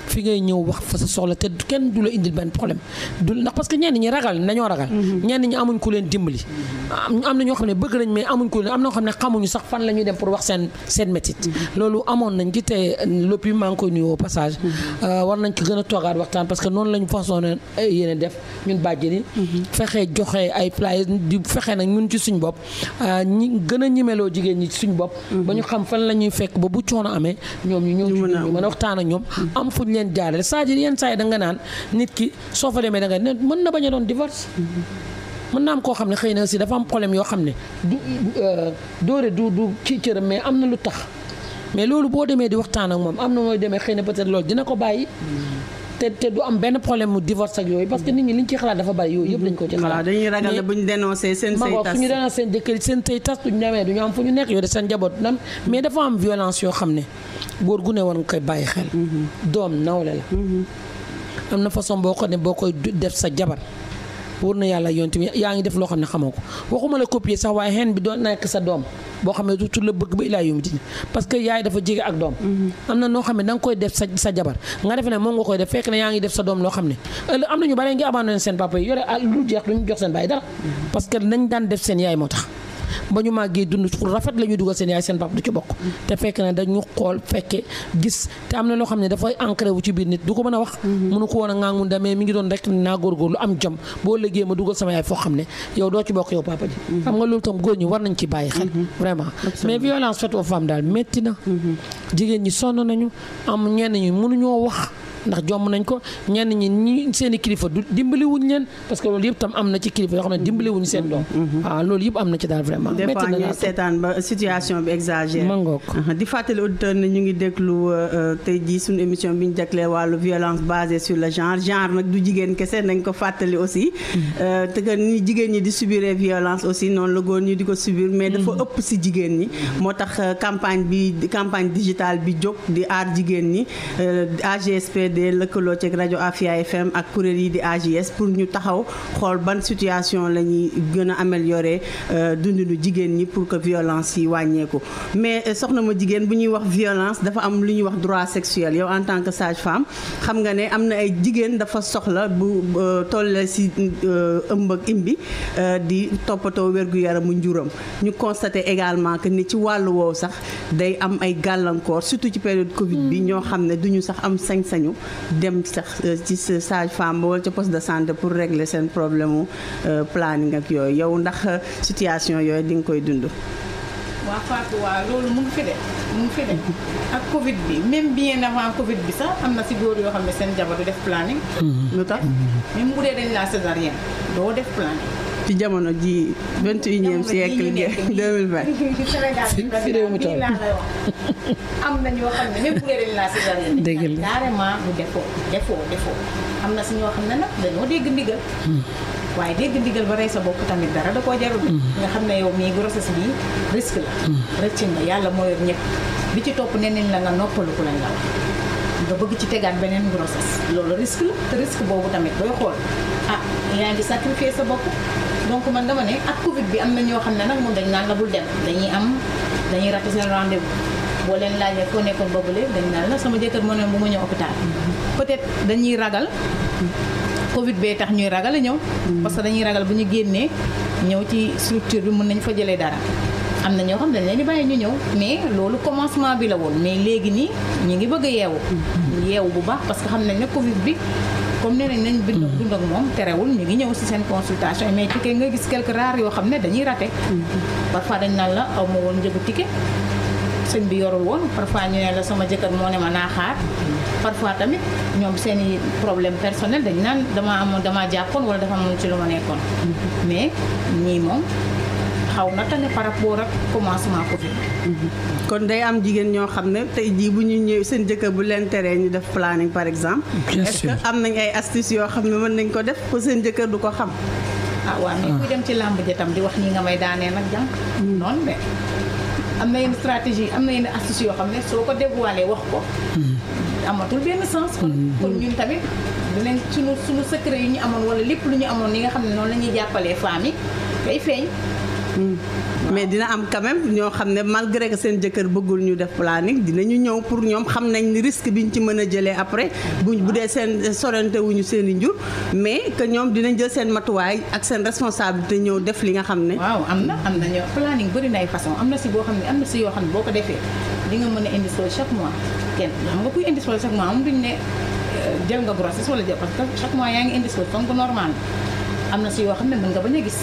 fi ngay ñëw wax fa sa soxla te kenn du la indil benn problème du ndax parce ñenn ñi ragal nañoo ragal. Mhm. ñenn ñi amuñ ku leen dimbali. am am na ñoo xam ne xamuñu sax fan la dem pour wax seen seen mhm. loolu amoon nañ ci te loppi maa ngi koy nuyoo passage. Mhm. Euh, war nañ ko gën a toogaat waxtaan parce noonu la ñu façon def ñun bàjjeni. fexe joxe ay flyers di fexe nag ñun ci suñ bopp euh, ñi gën a ñemeloo jigéen ñi suñ bopp. ba ñu xam fan la fekk ba bu coono amee a leen jaarale c'est-à-dire yenn saa yi da nga naan nit ki soo fa demee da ne mën na bañ a doon divorce. mën naa am koo xam ne xëy na aussi dafa am problème yoo xam ne du euh, doore du du ci cëram mais am na lu tax mais loolu boo demee di waxtaan ak moom am na mooy demee xëy na peut-être loolu dina ko bàyyi. te te du am benn problème mu divorce ak yooyu parce que nit ñi liñ ci xalaat dafa bari yooyu yëpp dañ ko ci xalaat dañuy ragal ne ñu dénoncé seen sëy tas suñu dénoncé seen jëkkër demee duñu am fu ñu nekk yooyu de seen njaboot nam mais dafa am violence yoo xam ne góor gu ne war nga koy bàyyi xel mhm. doom nawle la mhm. am na façon boo ko boo koy def sa jabar wóor na yàlla yoon tamit yaa ngi def loo xam ne xamoo ko waxuma la copier sax waaye xeen bi doon nekk sa doom boo xam ne tuuti la bëgg ba ilaa yawmi diin parce que yaay dafa jege ak doom mm-hmm. am na noo xam ne danga koy def sa sa jabar nga defe ne moom nga koy def fekk ne yaa ngi def sa doom loo xam ne ëllëg am nañu bare ngi abandonné seen papa yi yore ah, lu jeex duñu jox seen baay dara mm-hmm. parce que nañ daan def seen yaay moo tax ba ñu màggee dund pour rafet la ñuy dugal seen yaay seen pap du ci bokk te fekk na dañu xool fekke gis te am na loo xam ne dafay ancré wu ci biir nit du ko mën a wax mënu mhm. ko woon a ŋaangu demee mi ngi doon rek naa góorgóorlu am jom boo liggéey ma dugal sama yaay foo xam ne yow doo ci bokk yow papa ji mhm. xam nga loolu tam góor ñi war nañ ci bàyyi xel mhm. vraiment mais violence faite aux daal métti na jigéen ñi sonn nañu am ñenn ñi mënuñoo wax ndax jomm nañ ko ñenn ñi ñi seen kilifa du dimbali wuñ leen parce que loolu yëpp tam am na ci kilifa yoo xam ne mm-hmm. dimbali wuñ seen doom waaw mm-hmm. ah, loolu yëpp am na ci daal vraiment des fois ñuy seetaan ba situation bi exagéré uh-huh. di fàttali auditeur ne ñu ngi déglu euh, euh, tey jii suñu émission bi ñu jagleel wàllu violence basée sur le genre genre nag du jigéen kese nañ ko fàttali aussi mm-hmm. euh, te que ni jigéen ñi di subir violence aussi noonu la góor ñi di ko subir mais dafa ëpp si jigéen ñi moo tax campagne bi campagne digitale bi jóg di aar jigéen ñi AGSP D lëkkaloo ceeg rajo Afia FM ak kuréel yi di AJS pour ñu taxaw xool ban situation la ñuy gën a améliorer euh, dundinu jigéen ñi pour que violence yi wàññeeku mais euh, soxna ma jigéen bu ñuy wax violence dafa am lu ñuy wax droit sexuel yow en tant que sage femme xam nga ne am na ay jigéen dafa soxla bu euh, tollee si ëmb ak imbi di toppatoo wér yaram yaramu njuram ñu constaté également que ni ci wàllu woow sax day am ay gàllankoor surtout ci période Covid bi hmm. ñoo xam ne duñu sax am sañ-sañu dem sax euh, ci sage femme wala ci poste de santé pour régler seen problème mu euh, planning ak yooyu yow ndax euh, situation yooyu dinga nga koy dund. waaw Fatou waaw loolu mu ngi fi de mu ngi fi de ak Covid bi même bien avant Covid bi sax am na si góor yoo xam ne seen jabar du def planning. Mm-hmm. lu tax mm-hmm. même bu dee dañ laa césarienne doo def planning. ci jamono ji vingt et unième siècle bi deux mille vingt fi réew mi toll am na ñoo xam ne même bu dee dañ laa si dëgg la carrément bu am na si ñoo xam ne nag dañoo dégg ndigal hmm. waaye dégg ndigal ba rey sa bopp tamit dara da koo jarul hmm. nga xam ne yow mii grossesse bi risque la hmm. rëcc nga yàlla moo yor ñëpp bi ci topp neneen la nga noppalu ku lañ la wax nga bëgg ci tegaat beneen grossesse loolu risque la te risque boobu tamit booy xool ah yaa ngi sacrifier sa bopp donc man dama ne ak Covid bi am na ñoo xam ne nag moom dañ naan la bul dem dañuy am dañuy raté seen rendez-vous boo leen ko foo nekkoon boobule dañ naan la sama jëkkër moo ne bu ma ñëw hôpital mm-hmm. peut-être dañuy ragal mm-hmm. Covid bee tax ñuy ragal a ñëw mm-hmm. parce que dañuy ragal bu ñu génnee ñëw ci structure bi mun nañ fa jëlee dara am na ñoo xam dañ leen di bàyyi ñu ñëw mais loolu commencement bi la woon mais léegi nii ñu ngi bëgg a yeewu yeewu bu baax parce que xam nañ ne Covid bi comme nee nañ nañ bind mm-hmm. dund ak moom terewul ñu ngi ñëw si seen consultation mais ticket nga gis quelques rares yoo xam ne dañuy raté mm-hmm. parfois dañ naan la aw ma woon njëgu ticket sëñ bi yorul woon parfois ñu la sama jëkkër moo ne ma naa xaar mm-hmm. parfois tamit ñoom seen i problème personnel dañ naan dama amoon dama jàppoon wala dafa amoon ci lu ma nekkoon mais ñii moom xaw na tane par rapport ak commencement Covid. kon day am jigéen ñoo xam ne tey jii bu ñu ñëw seen jëkkër bu leen tere ñu def planning par exemple. est-ce que am nañ ay astuces yoo xam ne mën nañ ko def pour seen jëkkër du ko xam. ah waaw mais ko dem ci làmb ja tam di wax nii nga may daanee nag jànk hmm. noon de am na yenn stratégie am na yenn astuce yoo xam ne soo ko dévoilé wax ko hmm. amatul benn sens kon hmm. kon ñun tamit dinañ sunu sunu secret yu ñu amoon wala lépp lu ñu amoon ni nga xam ne noonu la ñuy jàppalee femmes yi day Mm. mais dina am quand ñoo xam ne malgré que seen jëkkër bëggul ñu def planning dinañu ñëw pour ñoom xam nañ ni bi ñu ci mën a jëlee après buñ bu dee seen sorante wuñu seen i njur mais que ñoom dinañ jël seen matuwaay ak seen responsabilité ñëw def li nga xam ne. waaw am na am na ñoo planning bëri na façon am na si boo xam ne am na si yoo xam ne boo ko defee di nga mën a indi sol chaque mois kenn xam nga kuy indi sol chaque mois am duñ ne euh, jël nga grossesse wala jël chaque mois yaa ngi indi sol comme normal am si yoo xam ne mën nga bañ a gis.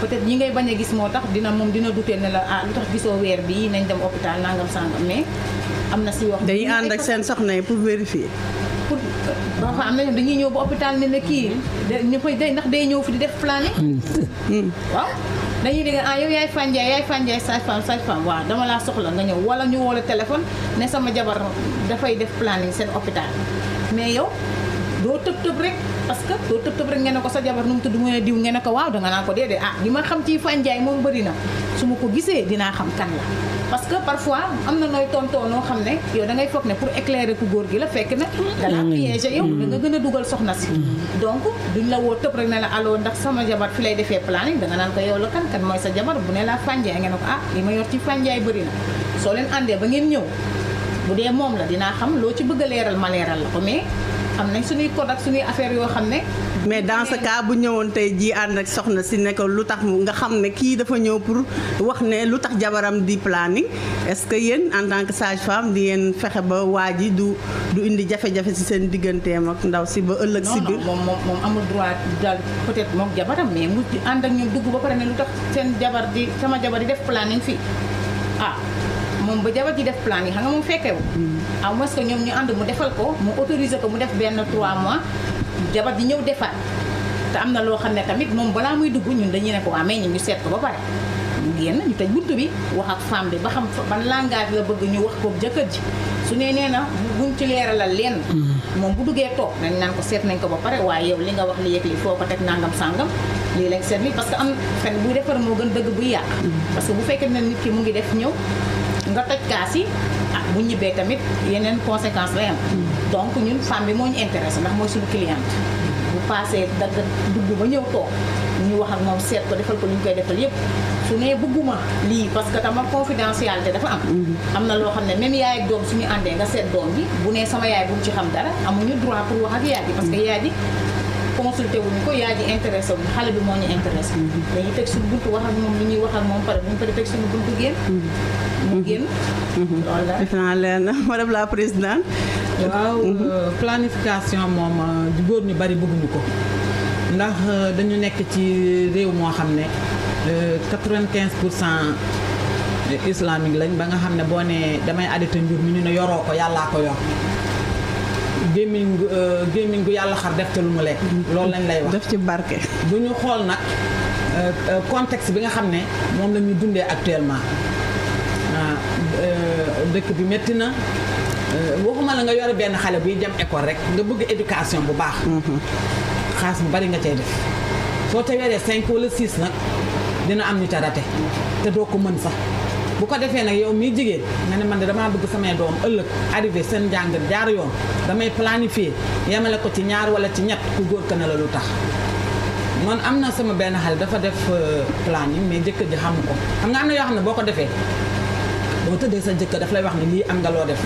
peut-être ñi ngay bañ a gis moo tax dina moom dina dutee ne la ah lu tax gisoo weer bi nañ dem hôpital nangam sangam mais am na si wax dañuy ànd ak seen soxna yi pour vérifier. pour parfois am na dañuy ñëw ba hôpital ne la kii ñu koy day ndax day ñëw fi di def plané. Hmm. waaw dañuy dégg ah yow yaay Fane Ndiaye yaay Fane Ndiaye sage-femme sage waaw dama laa soxla nga ñëw wala ñu woo la téléphone ne sama jabar dafay def plané seen hôpital mais yow. doo tëb tëb rek parce que doo tëb tëb rek ngeen ne ko sa jabar nu mu tudd mu ne diw ngeen ne ko waaw danga naa ko déedéet ah li na su ma ko gisee dinaa xam kan la parce que parfois am na nooy tontoo noo xam ne da ngay foog ne pour éclairer ku góor gi la fekk na dala piégé nga gën a soxna si mm-hmm. donc duñ la woo tëb rek ne la allo ndax sama jabar fi lay defee planning da naan ko yow la kan kan mooy sa jabar bu ne la fanjaay ngeen ne ko ah li ma yor ci fanjaay bëri na soo leen àndee ba ngeen ñëw bu dee moom la dinaa xam loo ci bëgg leeral ma leeral la ko mais am nañ suñuy code ak suñuy affaire yoo xam ne. mais dans ce bu ñëwoon tey jii ànd ak soxna si ne ko lu tax nga xam ne kii dafa ñëw pour wax ne lu tax jabaram di planning est-ce que yéen en tant sage-femme di yéen fexe ba waa ji du du indi jafe-jafe si seen digganteem ak ndaw si ba ëllëg si biir. moom moom amul droit daal peut-être moom jabaram mais mu ànd ak ñoom dugg ba pare ne lu tax seen jabar di sama jabar di def planning fii. moom ba jabar ji def plan yi xam nga moom fekkewu à mm. moins que ñoom ñu ànd mu defal ko mu autorisé ko mu def benn 3 mois jabar ji ñëw defar te am na loo xam ne tamit moom balaa muy dugg ñun dañuy ko waa ah, ñu seet ko ba pare ñu génn ñu bi wax ak femme bi ba xam ban langage la bëgg ñu wax ko jëkkër ji su nee nee na buñ ci leeralal lenn mm. moom bu duggee toog dañ naan ko seet nañ ko ba pare waaye yow li nga wax li yëpp yi foo ko teg nangam sàngam lii lañ seet ni parce que am fen buy defar moo gën dëgg buy yàq mm. parce que bu fekkee ne nit ki mu ngi def ñëw nga toj kaas yi ah bu ñibbee tamit yeneen conséquences lay am. Hmm. donc ñun femme bi moo ñu intéressé ndax mooy suñu cliente. bu paasee dagg dugg ba ñëw toog ñu wax ak moom seet ko defal ko li ñu koy defal yépp su nee bëgguma lii parce que dama confidentialité dafa am. Hmm. am na loo xam ne même yaay ak doom suñu àndee nga seet doom bi bu nee sama yaay bu mu ci xam dara amuñu droit pour wax ak yaay bi parce que hmm. yaay bi. consulté wuñu ko yaa ji intéressé xale bi moo ñu intéressé dañuy teg suñu buntu wax ak moom lu ñuy wax ak moom pare bu ñu pare teg suñu buntu génn mm-hmm. mu génn mm-hmm. Mm-hmm. loolu naa leer na madame la présidente waaw euh, planification moom euh, góor ñu bari bëgguñu ko ndax euh, dañu nekk ci réew moo xam ne quatre-vingt-quinze pour cent islamique lañ ba nga xam ne boo nee damay arrêté njur mi ñu ne yoroo ko yàllaa ko yor gémmiñ gu euh, gémmiñ gu yàlla xar def te lu mu lekk loolu lañ lay wax def ci barke bu ñu xool nag euh, euh, contexte bi nga xam ne moom la ñuy dundee actuellement ah, dëkk bi métti na waxuma la nga yore benn xale buy dem école rek nga bëgg éducation bu baax mm-hmm. xas bu bari nga cay def soo te yoree cinq wala six nag dina am ñu ca raté te doo ko mën sax bu ko defee nag yow mi jigéen nga ne man de damaa bëgg samay doom ëllëg arrivé seen njàng jaar yoon damay planifier yemale ko ci ñaar wala ci ñett ku góor ka ne la lu tax man am na sama benn xale dafa def euh, plan yi mais jëkkër ji xamu ko xam nga am na yoo xam ne boo ko defee boo tëddee sa jëkkër daf lay wax ne lii am nga loo def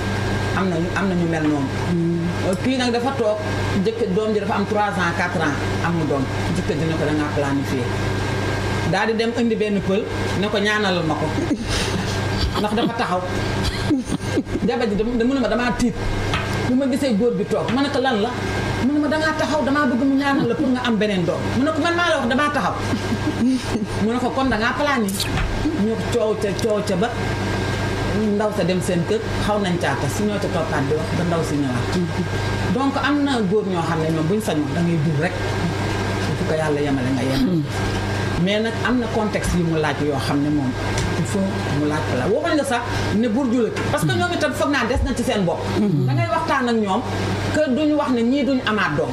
am na am na ñu mel noonu hmm. euh, kii nag dafa toog jëkkër doom ji dafa am trois ans 4 ans amul doom jëkkër ji ne ko dangaa planifier daal di dem indi benn pël ne ko ñaanalal ma ndax dafa taxaw jabar ji da mu ma damaa tiit bu ma gisee góor bi toog ma na ko lan la mu ne dangaa taxaw damaa bëgg mu ñaanal la pour nga am beneen doom mu ne ko man maa la wax damaa taxaw mu ne ko kon dangaa plané ñu coow ca coow ca ba ndaw sa dem seen kër xaw nañ caata si ñoo ca toppaat bi ndaw si ñëwaat donc am na góor ñoo xam ne ñoom bu ñu sañoon da ngay dul rek fu ko yàlla yemale nga yem hmm. mais nag am na context yi mu laaj yoo xam ne moom il faut mu laaj la sax ne bur julati parce que ñoom itam foog naa des na ci seen bopp da ngay waxtaan ak ñoom que duñu wax ne ñii duñ amaat doom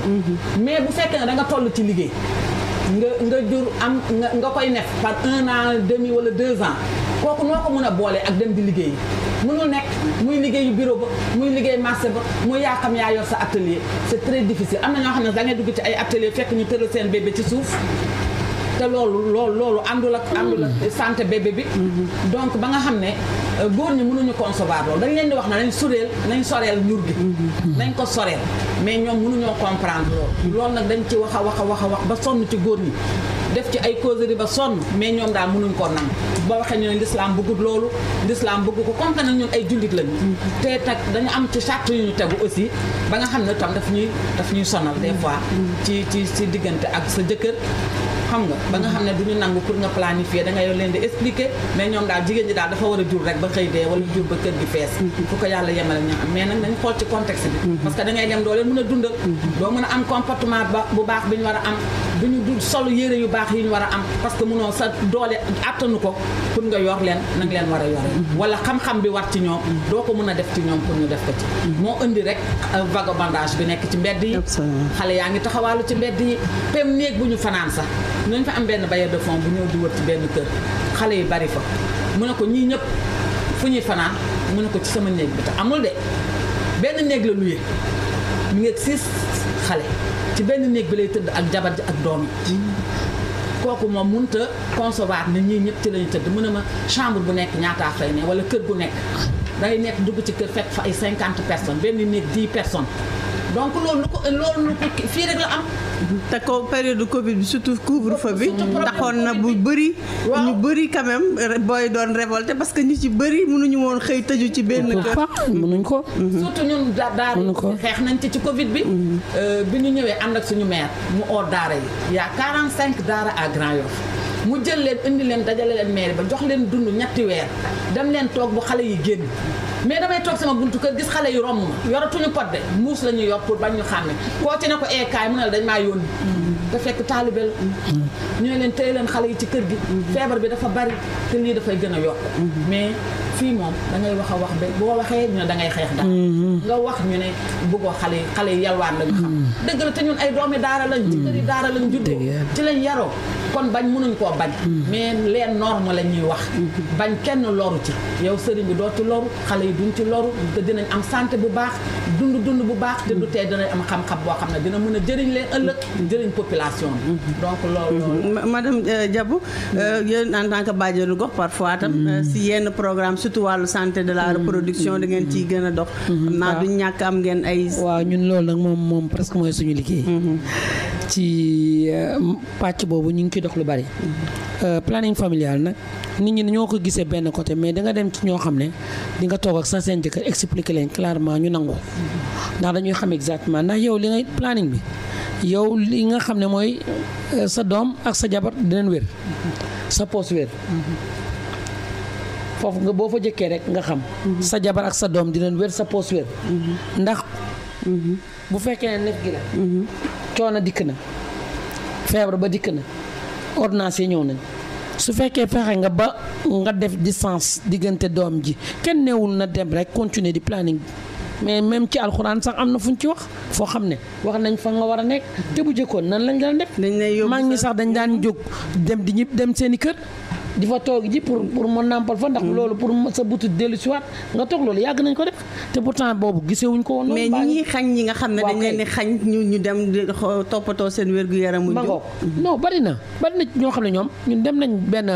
mais bu fekkee ne da nga toll ci liggéey nga nga jur am nga nga koy nekk par un an demi wala deux ans kooku noo ko mën a boole ak dem di liggéey mënul nekk muy liggéey bureau ba muy liggéey marché ba muy yaa xam yaa yor sa atelier c'est très difficile am na ñoo xam ne da ngay dugg ci ay atelier fekk ñu tëral seen bébé suuf te loolu loolu loolu àndul ak mm. àndul ak santé bébé bi mm-hmm. donc ba nga xam ne euh, góor ñi mënuñu concevoir loolu dañ leen di wax na nañ soreel nañ soreel ñur gi mm-hmm. nañ ko soreel mais ñoom mënuñoo comprendre loolu mm-hmm. loolu nag dañ ci wax a wax a wax a wax ba sonn ci góor ñi def ci ay causerie ba sonn mais ñoom daal mënuñ ko nangu ba waxee ñu ne l'islam bëggut loolu l'islam bëgg ko comme que ñun ay jullit lañu te nag dañu am ci charte yu ñu tegu aussi ba nga xam ne tam daf ñuy daf ñuy sonal des fois ci ci ci diggante ak sa jëkkër xam nga ba nga xam ne duñu nangu pour nga planifier da ngay leen di expliquer mais ñoom daal jigéen ñi daal dafa war a jur rek ba xëy dee wala jur ba kër gi fees mm-hmm. fu ko yàlla yemale ñu am mais nag nañ xool ci contexte bi mm-hmm. parce que da ngay dem doo leen mën a dundal mm-hmm. doo mën a am comportement bu baax bi ñu war a am du ñu dul solo yére yu baax yi ñu war a am parce que mënoo sa doole attanu ko pour nga yor leen nag leen war a yore wala xam-xam bi war ci ñoom doo ko mën a def ci ñoom pour ñu def ko ci moo indi rek euh, vagabondage bi nekk ci mbedd yi xale yaa ngi taxawaalu ci mbedd yi pem néeg bu ñu fanaan sax nañ fa am benn bailleur de fonds bu ñëw di wër ci benn kër xale yi bari fa mu ne ko ñii ñëpp fu ñuy fanaan mu ne ko ci sama néeg bi te amul de benn néeg la luye mu ngi six xale ci benn néeg bi lay tëdd ak jabar ji ak doom yi kooku moom mënut a concevoir ne ñii ñëpp ci la ñu tëdd mun ne ma chambre bu nekk ñaataa fay ne wala kër bu nekk day nekk dugg ci kër fekk fa ay cinquante personne benn néeg dix personne donc loolu lu ko loolu lu ko fii rek la am. te ko période Covid bi surtout couvre feu bi. taxoon na bu bëri. ñu bëri quand même booy doon révolté parce que ñu ci bëri ñu woon xëy tëju ci benn kër. mënuñ ko mhm. surtout ñun daara xeex nañ ci ci Covid bi. Mhm. Euh, bi ñu ñëwee ànd ak suñu maire mu oo daara yi. y'a cinq daara à Grand Yoff mu jël leen indi leen dajale leen maire ba jox leen dund ñetti weer dem leen toog bu xale yi génn. mais damay toog sama buntu kër gis xale yu romb ma yoratuñu pot de muus la ñuy yor pour bañ ñu xàmme koo ci ne ko eekaay eh, mu ne la dañ maa yónni te fekk taalibe la ñooy leen tëye leen xale yi ci kër gi feebar bi dafa bari te lii dafay gën a yokk mais fii moom dangay wax a wax ba boo waxee ñu ne dangay xeex daal nga wax ñu ne bëggoo xale yi xale yi yalwaan la ñu xam dëgg la te ñun ay doomi daara lañ ci kër yi daara lañ juddoo ci lañ yaroo kon bañ mënuñ koo bañ mm-hmm. mais les normes la ñuy wax mm-hmm. bañ kenn loru ci yow sëriñ bi doo ci loru xale yi duñ ci loru te dinañ am santé bu baax dund dund bu baax te du mm-hmm. tee dinañ am xam-xam boo xam ne dina mën a jëriñ leen ëllëg jëriñ population bi donc loolu madame euh, Diabou euh, yéen en tant que bàjjenu gox parfois tam euh, si yenn programme surtout wàllu santé de la reproduction da ngeen ciy gën a dox maa duñ ñàkk am ngeen ay waaw ñun lool nag moom moom presque mooy suñu liggéey ci pàcc boobu ñu ngi dox lu bari. Euh, planning familial nag nit ñi ñoo ko gisee benn côté mais danga dem ci ñoo xam ne di nga toog ak sa seen jëkkër expliquer leen clairement ñu nangu. ndax dañuy xam exactement ndax yow li ngay planning bi yow li nga xam ne mooy euh, sa doom ak sa jabar dinañ wér. sa poos wér. nga boo fa jëkkee rek nga xam. sa jabar ak sa doom dinañ wér sa poos wér. ndax bu fekkee ne nekk gi la. coono dikk na feebar ba dikk na. ordonnance yi ñëw nañ su fekkee fexe nga ba nga def distance diggante doom ji kenn newul na dem rek continuer di planning mais même ci alxuraan sax am na fu ñu ci wax foo xam ne wax nañ fa nga war a nekk te bu jëkkoon nan lañ daan def. dañ lay yóbbu mag ñi sax dañ daan jóg dem di ñib dem seen i kër. di fa toog ji pour pour ma nàmpal fa ndax mm. loolu pour sa butu dellu si waat nga toog loolu yàgg nañ ko def te pourtant boobu gisewuñ ko woon mais ñi xañ ñi nga xam ne dañ nga di xañ ñu ñu dem toppatoo seen wér-gu-yaramu mangoog mm-hmm. non bari na bari na ñoo xam ne ñoom ñun dem nañ benn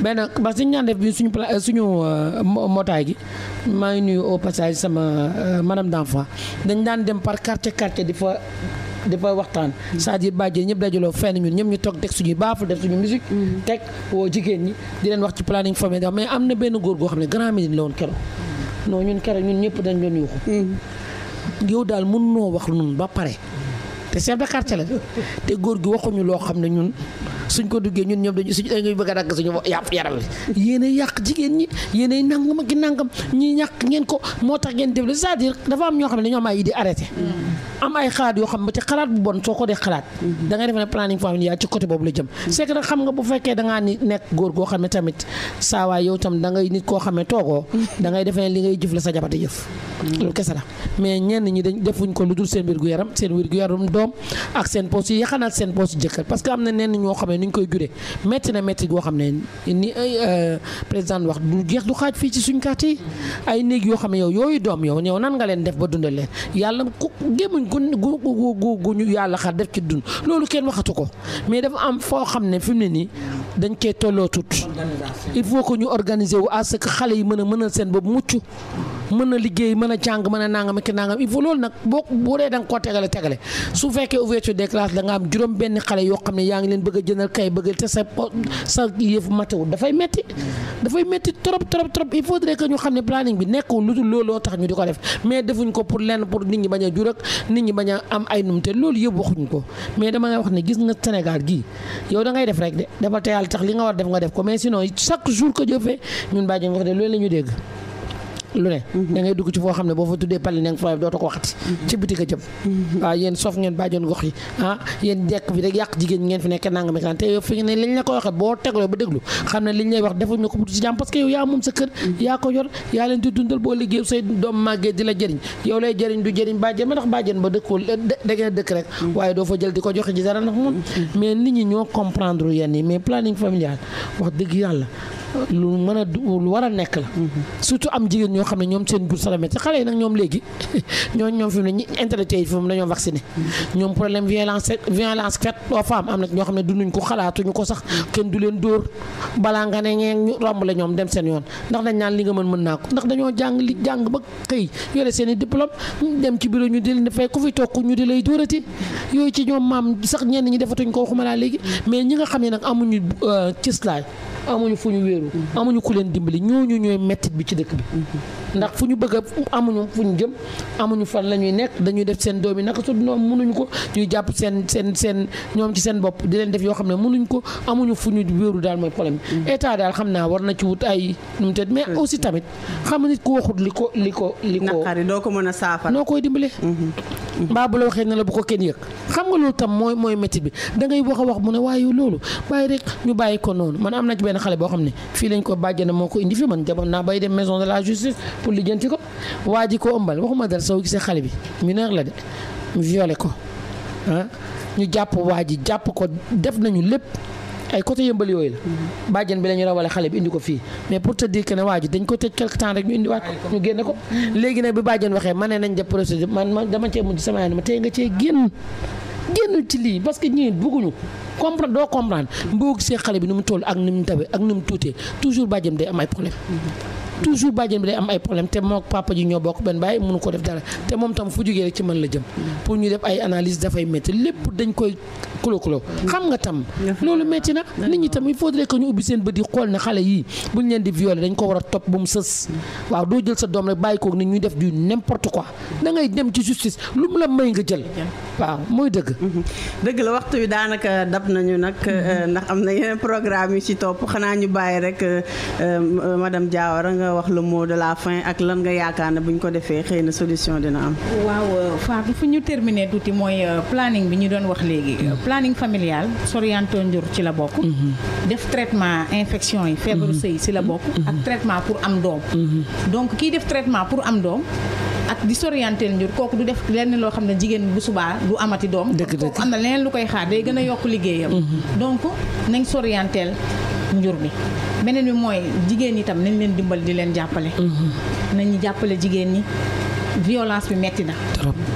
benn parce que ñu daan def bi suñu pla suñu euh, mbootaay gi maa ngi nuyu au passage sama euh, madame d'enfant dañ daan dem par quartier quartier di fa di ba waxtaan sa à dire bàjjee ñëpp dajaloo fenn ñun ñëpp ñu toog teg suñuy baaful def suñu musique mm-hmm. teg woo jigéen ñi di leen wax ci planning familial mais am na benn góor goo xam ne Grand Médine la woon keroog ñun keroog ñun ñëpp dañ doon yuuxu mm-hmm. yow daal mën noo wax nun ba pare te chef de quartier la te góor gi waxuñu loo xam ne ñun suñ ko duggee ñun ñoom dañu suñ dañuy bëgg a dagg suñu yàpp yaram bi yéenay yàq jigéen ñi yéenay nangam ak nangam ñi ñàkk ngeen ko moo tax ngeen déglu c'est-à-dire dafa ñoo xam ne dañoo am ay idée arrêté mm. yoo xam ba ci xalaat bu bon soo ko dee xalaat mm-hmm. da ngay defe ne planning familial ci boobu la jëm mm-hmm. c'est que nag xam nga bu fekkee da ngaa ni nekk góor goo xam ne tamit saawaay tam da ngay nit koo xam ne toogoo mm-hmm. da ngay defe ne li ngay jëf la sa jabate jëf loolu kese la mais ñenn ñi dañ defuñ ko lu dul seen wér gu yaram seen wér gu yaram doom ak seen poos yi yaxanal seen poos jëkkër parce que am na ñenn ñoo xam ni ñu koy juree métti na métti goo xam ne ni ay euh, président wax du jeex du xaaj fii ci suñu quartier ay néeg yoo xam ne yow yooyu doom yow ñëw nan nga leen def ba dundal leen yàlla ku gémmuñ gu gu gu ñu yàlla xar def ci dund loolu kenn waxatu ko mais dafa am foo xam ne fi mu ne nii dañ cee tolloo tut il faut que ñu organiser wu à ce que xale yi mën a mën a seen boobu mucc mën na liggéey mën a jàng mën a nangam ak nangam il faut loolu nag boo boo dee da nga koo tegale tegale su fekkee ouverture des classes da nga am juróom benn xale yoo xam ne yaa ngi leen bëgg a jëndal kay bëgg te sa sa yëfu matewul dafay metti dafay metti trop trop trop il faudrait que ñu xam ne planning bi nekkul lu dul looloo tax ñu di ko def mais defuñ ko pour lenn pour nit ñi bañ a jur ak nit ñi bañ a am ay num te loolu yëpp waxuñ ko mais dama ngay wax ne gis nga Sénégal gii yow da ngay def rek de dafa tax li nga war def nga def ko mais sinon chaque jour que Dieu fait ñun bàyyi loolu la ñu dégg lu ne mm-hmm. da ngay dugg ci foo xam ne boo fa tuddee pale neng fooy doo ta ko waxati mm-hmm. ci biti ka jëm mm-hmm. waaw yéen sof ngeen bàjjoon gox yi ah yéen dekk bi rek yàq jigéen ngeen fi nekke nanga mekaan te yow fi ne liñ la ko waxee boo tegloo ba déglu xam ne liñ lay wax defuñu ko bu ci jàmm parce que yow yaa moom sa kër yaa ko yor yaa leen di dundal boo liggéey say doom màggee di la jëriñ yow lay jëriñ du jëriñ bàjjen ma ndax bàjjen ba dëkkoo eh, da ngeen dëkk rek waaye doo fa jël di ko joxe ci dara ndax moom mais nit ñi ñoo comprendre yenn yi mais planning familial wax dëgg yàlla lu mën a lu war a nekk la. Mhm. surtout am jigéen ñoo xam ne ñoom seen bourse la metti xale yi nag ñoom léegi ñooñu ñoom fi mu ne ñi intellectuel yi fi mu dañoo vacciné. Mhm. ñoom problème violence violence ne ko xalaatuñu ko sax mhm. du leen dóor balaa nga ne ñu romb la ñoom dem seen yoon ndax dañ naan li nga mën mën naa ko ndax dañoo jàng li jàng ba xëy yore seen i diplôme dem ci bureau ñu di leen fay ku fi toog ñu di lay dóorati yooyu ci ñoom maam sax ñenn ñi defatuñ ko waxuma léegi mais ñi nga xam ne nag amuñu euh, cislaay amuñu fu ñu wéeru amuñu ku leen dimbali ñooñu ñooy mettit bi ci dëkk bi ndax fu ñu bëgg a amuñu fu ñu jëm amuñu fan la ñuy nekk dañuy def seen doom yi naka su ñoom mënuñu ko ñuy jàpp seen seen seen ñoom ci seen bopp di leen def yoo xam ne mënuñ ko amuñu fu ñu wéeru daal mooy problème mm. état daal xam naa war na ci wut ay nu mu mm. aussi tamit xam nit ku waxut li ko li ko li ko naqari ko mën a saafara noo koy dimbale mm-hmm. Mm-hmm. mbaa bu la waxee ne la bu ko kenn mooy mooy métti bi da ngay mu ne waaye loolu bàyyi rek ñu bàyyi ko noonu man boo xam ne fii lañ ko bàjjana moo ko indi fi man jamono naa maison de la justice pour lijjanti ko waa ji koo ëmbal waxuma dara soo gisee xale bi mineur la de mu ko ah ñu jàpp waa ji jàpp ko def nañu lépp ay côté yëmbal yooyu la. bàjjen bi la ñu rawale xale bi indi ko fii mais pour te dire que ne waa ji dañ ko tëj quelque temps rek ñu indiwaat ko ñu génne ko. léegi nag bi bàjjen waxee ma ne nañ def procédure man man dama cee mujj sama yaay ma tey nga cee génn génn ci lii parce que ñii bëgguñu comprendre doo comprendre. mboo gisee xale bi nu mu toll ak nu mu dawee ak nu mu tuutee toujours bàjjen day am ay toujours bàjjen bi day am ay problème te moom papa ji ñoo bokk benn baay mënu ko def dara te moom tam fu jógee rek ci mën la jëm. pour ñu def ay analyse dafay métti lépp dañ koy kulo kulo xam nga tam. ñu leen di violer dañ ko war a topp ba mu sës. waaw doo jël sa doom rek bàyyi koog nit ñuy def du n'importe quoi da dem ci justice lu mu la may nga jël. waaw mooy dëgg. dëgg la waxtu wi daanaka dab nañu nag ndax am na yeneen programme yu ci topp xanaa a wax le mot de fin ak lan nga yaakaar ne bu ñu ko defee xëy na solution dina am. waaw euh, Fatou fu ñu terminer tuuti mooy euh, planning bi ñu doon wax léegi. Mm-hmm. Euh, planning familial sorianto njur ci la bokk. Mm-hmm. def traitement infection yi. feebaru mm-hmm. sëy ci la bokk. ak traitement pour am doom. donc kiy def traitement pour am doom. ak di sorianteel njur kooku du def lenn loo xam ne jigéen bu subaa du amati doom kooku am na leneen lu koy xaar day gën a yokk liggéeyam mm-hmm. donc nañ sorianteel njur bi beneen bi mooy jigéen itam nañ leen dimbal di leen jàppale mm-hmm. nañu jàppale jigéen ñi violence bi metti na.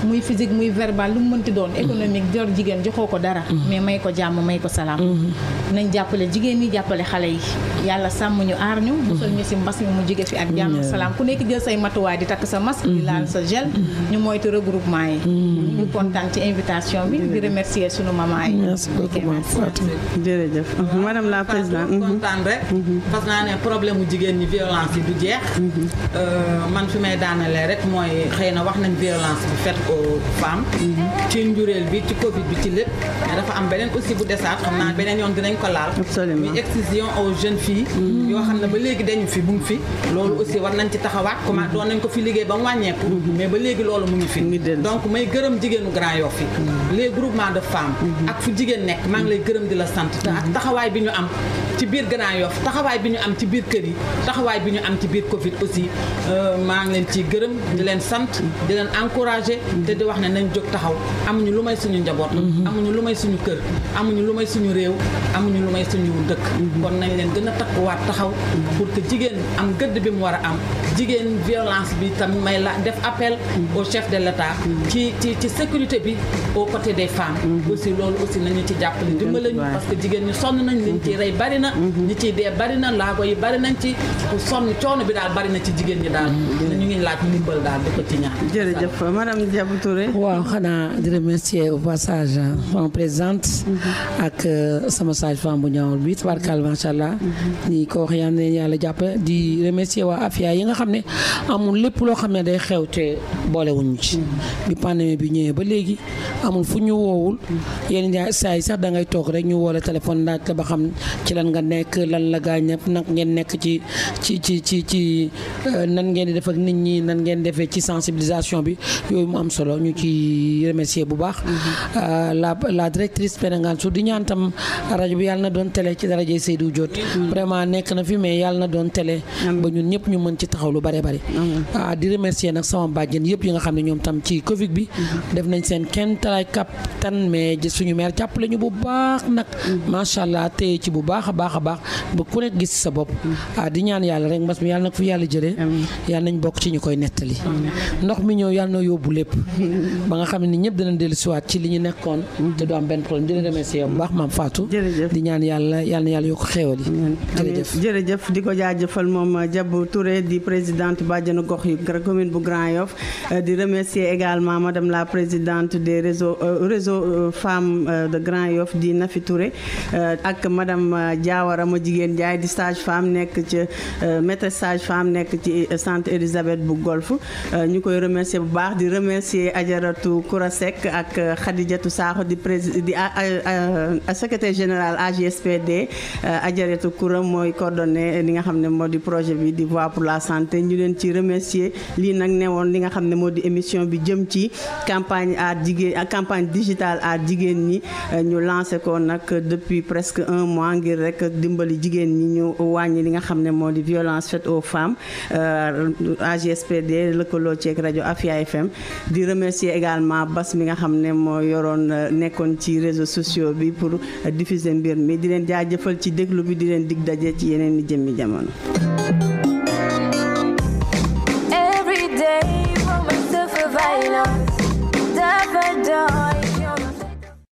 muy physique muy verbal lu mu mënti doon. Mm-hmm. économique jor jigéen joxoo ko dara. Mm-hmm. mais may ko jàmm may ko salaam. Mm-hmm. nañ jàppale jigéen ñi jàppale xale yi. yàlla sàmm ñu aar ñu. musal ñu si mbas mu jige fi ak jàmm salaam ku nekk jël say matuwaay di takk sa masque. di laal sa gel. ñu moytu regroupement yi. ñu kontaan ci invitation bi. di remercier sunu maman yi. merci beaucoup jërëjëf madame la présidente. kontaan rek. parce naa ne problème mu jigéen ñi violence yi du jeex. Euh, man fi may daanalee rek xëy na wax nañ violence bu faite aux femmes mhm. ci njureel bi ci covid bi ci lépp mais dafa am beneen aussi bu desaat xam naa beneen yoon dinañ ko laal muy excision aux jeunes filles mhm. yoo xam ne ba léegi dañu fi bu mu fi loolu mhm. aussi war nañ ci taxawaat comment doon nañ ko fi liggéey ba wàññeeku mais ba léegi loolu mu ngi fi donc may gërëm jigéenu Grand Yoff fi les groupements de femmes ak fu jigéen nekk maa ngi lay gërëm di la sant te ak taxawaay bi ñu am ci biir Grand Yoff taxawaay bi ñu am ci biir kër yi taxawaay bi ñu am ci biir Covid aussi euh, maa ngi leen ciy gërëm di leen sant di leen encouragé te di wax na nañ jóg taxaw amuñu lu may suñu njaboot amuñu lu may suñu kër amuñu lu may suñu réew amuñu lu may suñu dëkk kon nañ leen gën takkuwaat taxaw pour que jigéen am gëdd bi mu war a am jigéen violence bi tamit may la def appel au chef de l'État ci ci ci sécurité bi au côté des femmes mm-hmm. aussi loolu aussi nañu ci jàppale dimbalañu parce que jigéen ñu sonn nañ leen ci rey bari na na ñi mhm. dee bari na laago yi bari ci ku coono bi daal bari na ci jigéen ñi daal mhm. ñu ngi laaj ndimbal daal di ko ci ñaan jërëjëf xanaa di remercier au passage sama euh, présidente mhm. ak euh, sama sage bu ñaawul bi tabarkal allah ni jàpp di remercier waa Afia yi nga xam ne amul lépp loo xam ne day xew te boolewuñu ba léegi amul fu ñu woowul yenn saa yi sax toog rek ñu woo la téléphone laaj la ba xam ci nga nga nekk la gaa ñëpp nag ngeen nekk ci ci ci ci ci euh, nan ngeen def nit ñi nan ngeen defee ci sensibilisation bi yooyu mu am solo ñu ci remercier bu baax. Mm-hmm. Euh, la la directrice Penengaan su di ñaan tam rajo bi yàlla na doon télé ci daraje Seydou Diop. Mm-hmm. vraiment nekk na fi mais yàlla na doon tele ba ñun ñëpp ñu mën ci taxaw lu bare bare. ah di remercier nag sama bàjjen yëpp yi nga xam ne ñoom tam ci Covid bi. Mm-hmm. def nañ seen kenn talaay kap mais suñu maire jàppale ñu bu baax nag. macha allah téye ci bu baax. baax a baax ba ku nekk gis sa bopp mm. ah di ñaan yàlla rek mbas mi yàlla na ko fi yàlla jëlee yàlla nañ bokk ci ñu koy nettali ndox mi ñëw yàlla na yóbbu lépp ba nga xam ne ñëpp dinañ dellu siwaat ci li ñu nekkoon mm. te du am benn problème di la remercier bu baax maam Fatou di ñaan yàlla yàlla na yàlla yokk di ko jaajëfal moom Diabou uh, Touré di présidente bàjjenu gox yu bu Grand Yoff uh, di remercier également madame la présidente de réseaux uh, réseau femmes de Grand Yoff di Nafi Diawara ma jigéen Njaay di sage euh, femme nekk ci maîtresse sage femme nekk ci sant Elisabeth bu Golf euh, ñu koy remercier bu baax di remercier Ajaratu Koura Seck ak euh, Khadijatu Sakho di président di secrétaire général AGSPD Ajaratu Koura mooy coordonné li nga xam ne moo di projet bi di voix pour la santé ñu leen ci remercier lii nag newoon li nga xam ne moo di émission bi jëm ci campagne à jigéen ak campagne digitale à jigéen ñi ñu lancé ko nag depuis presque un mois ngir rek dimbali jigéen ñi ñu wàññi li nga xam ne moo di violence faite aux femmes euh, AGSPD lëkkaloo ceeg rajo Afia FM di remercier également Bas mi nga xam ne moo yoroon euh, nekkoon ci réseaux sociaux bi pour euh, diffuser mbir mi di leen jëfal ci déglu bi di leen dig daje ci yeneen i jëmmi jamono.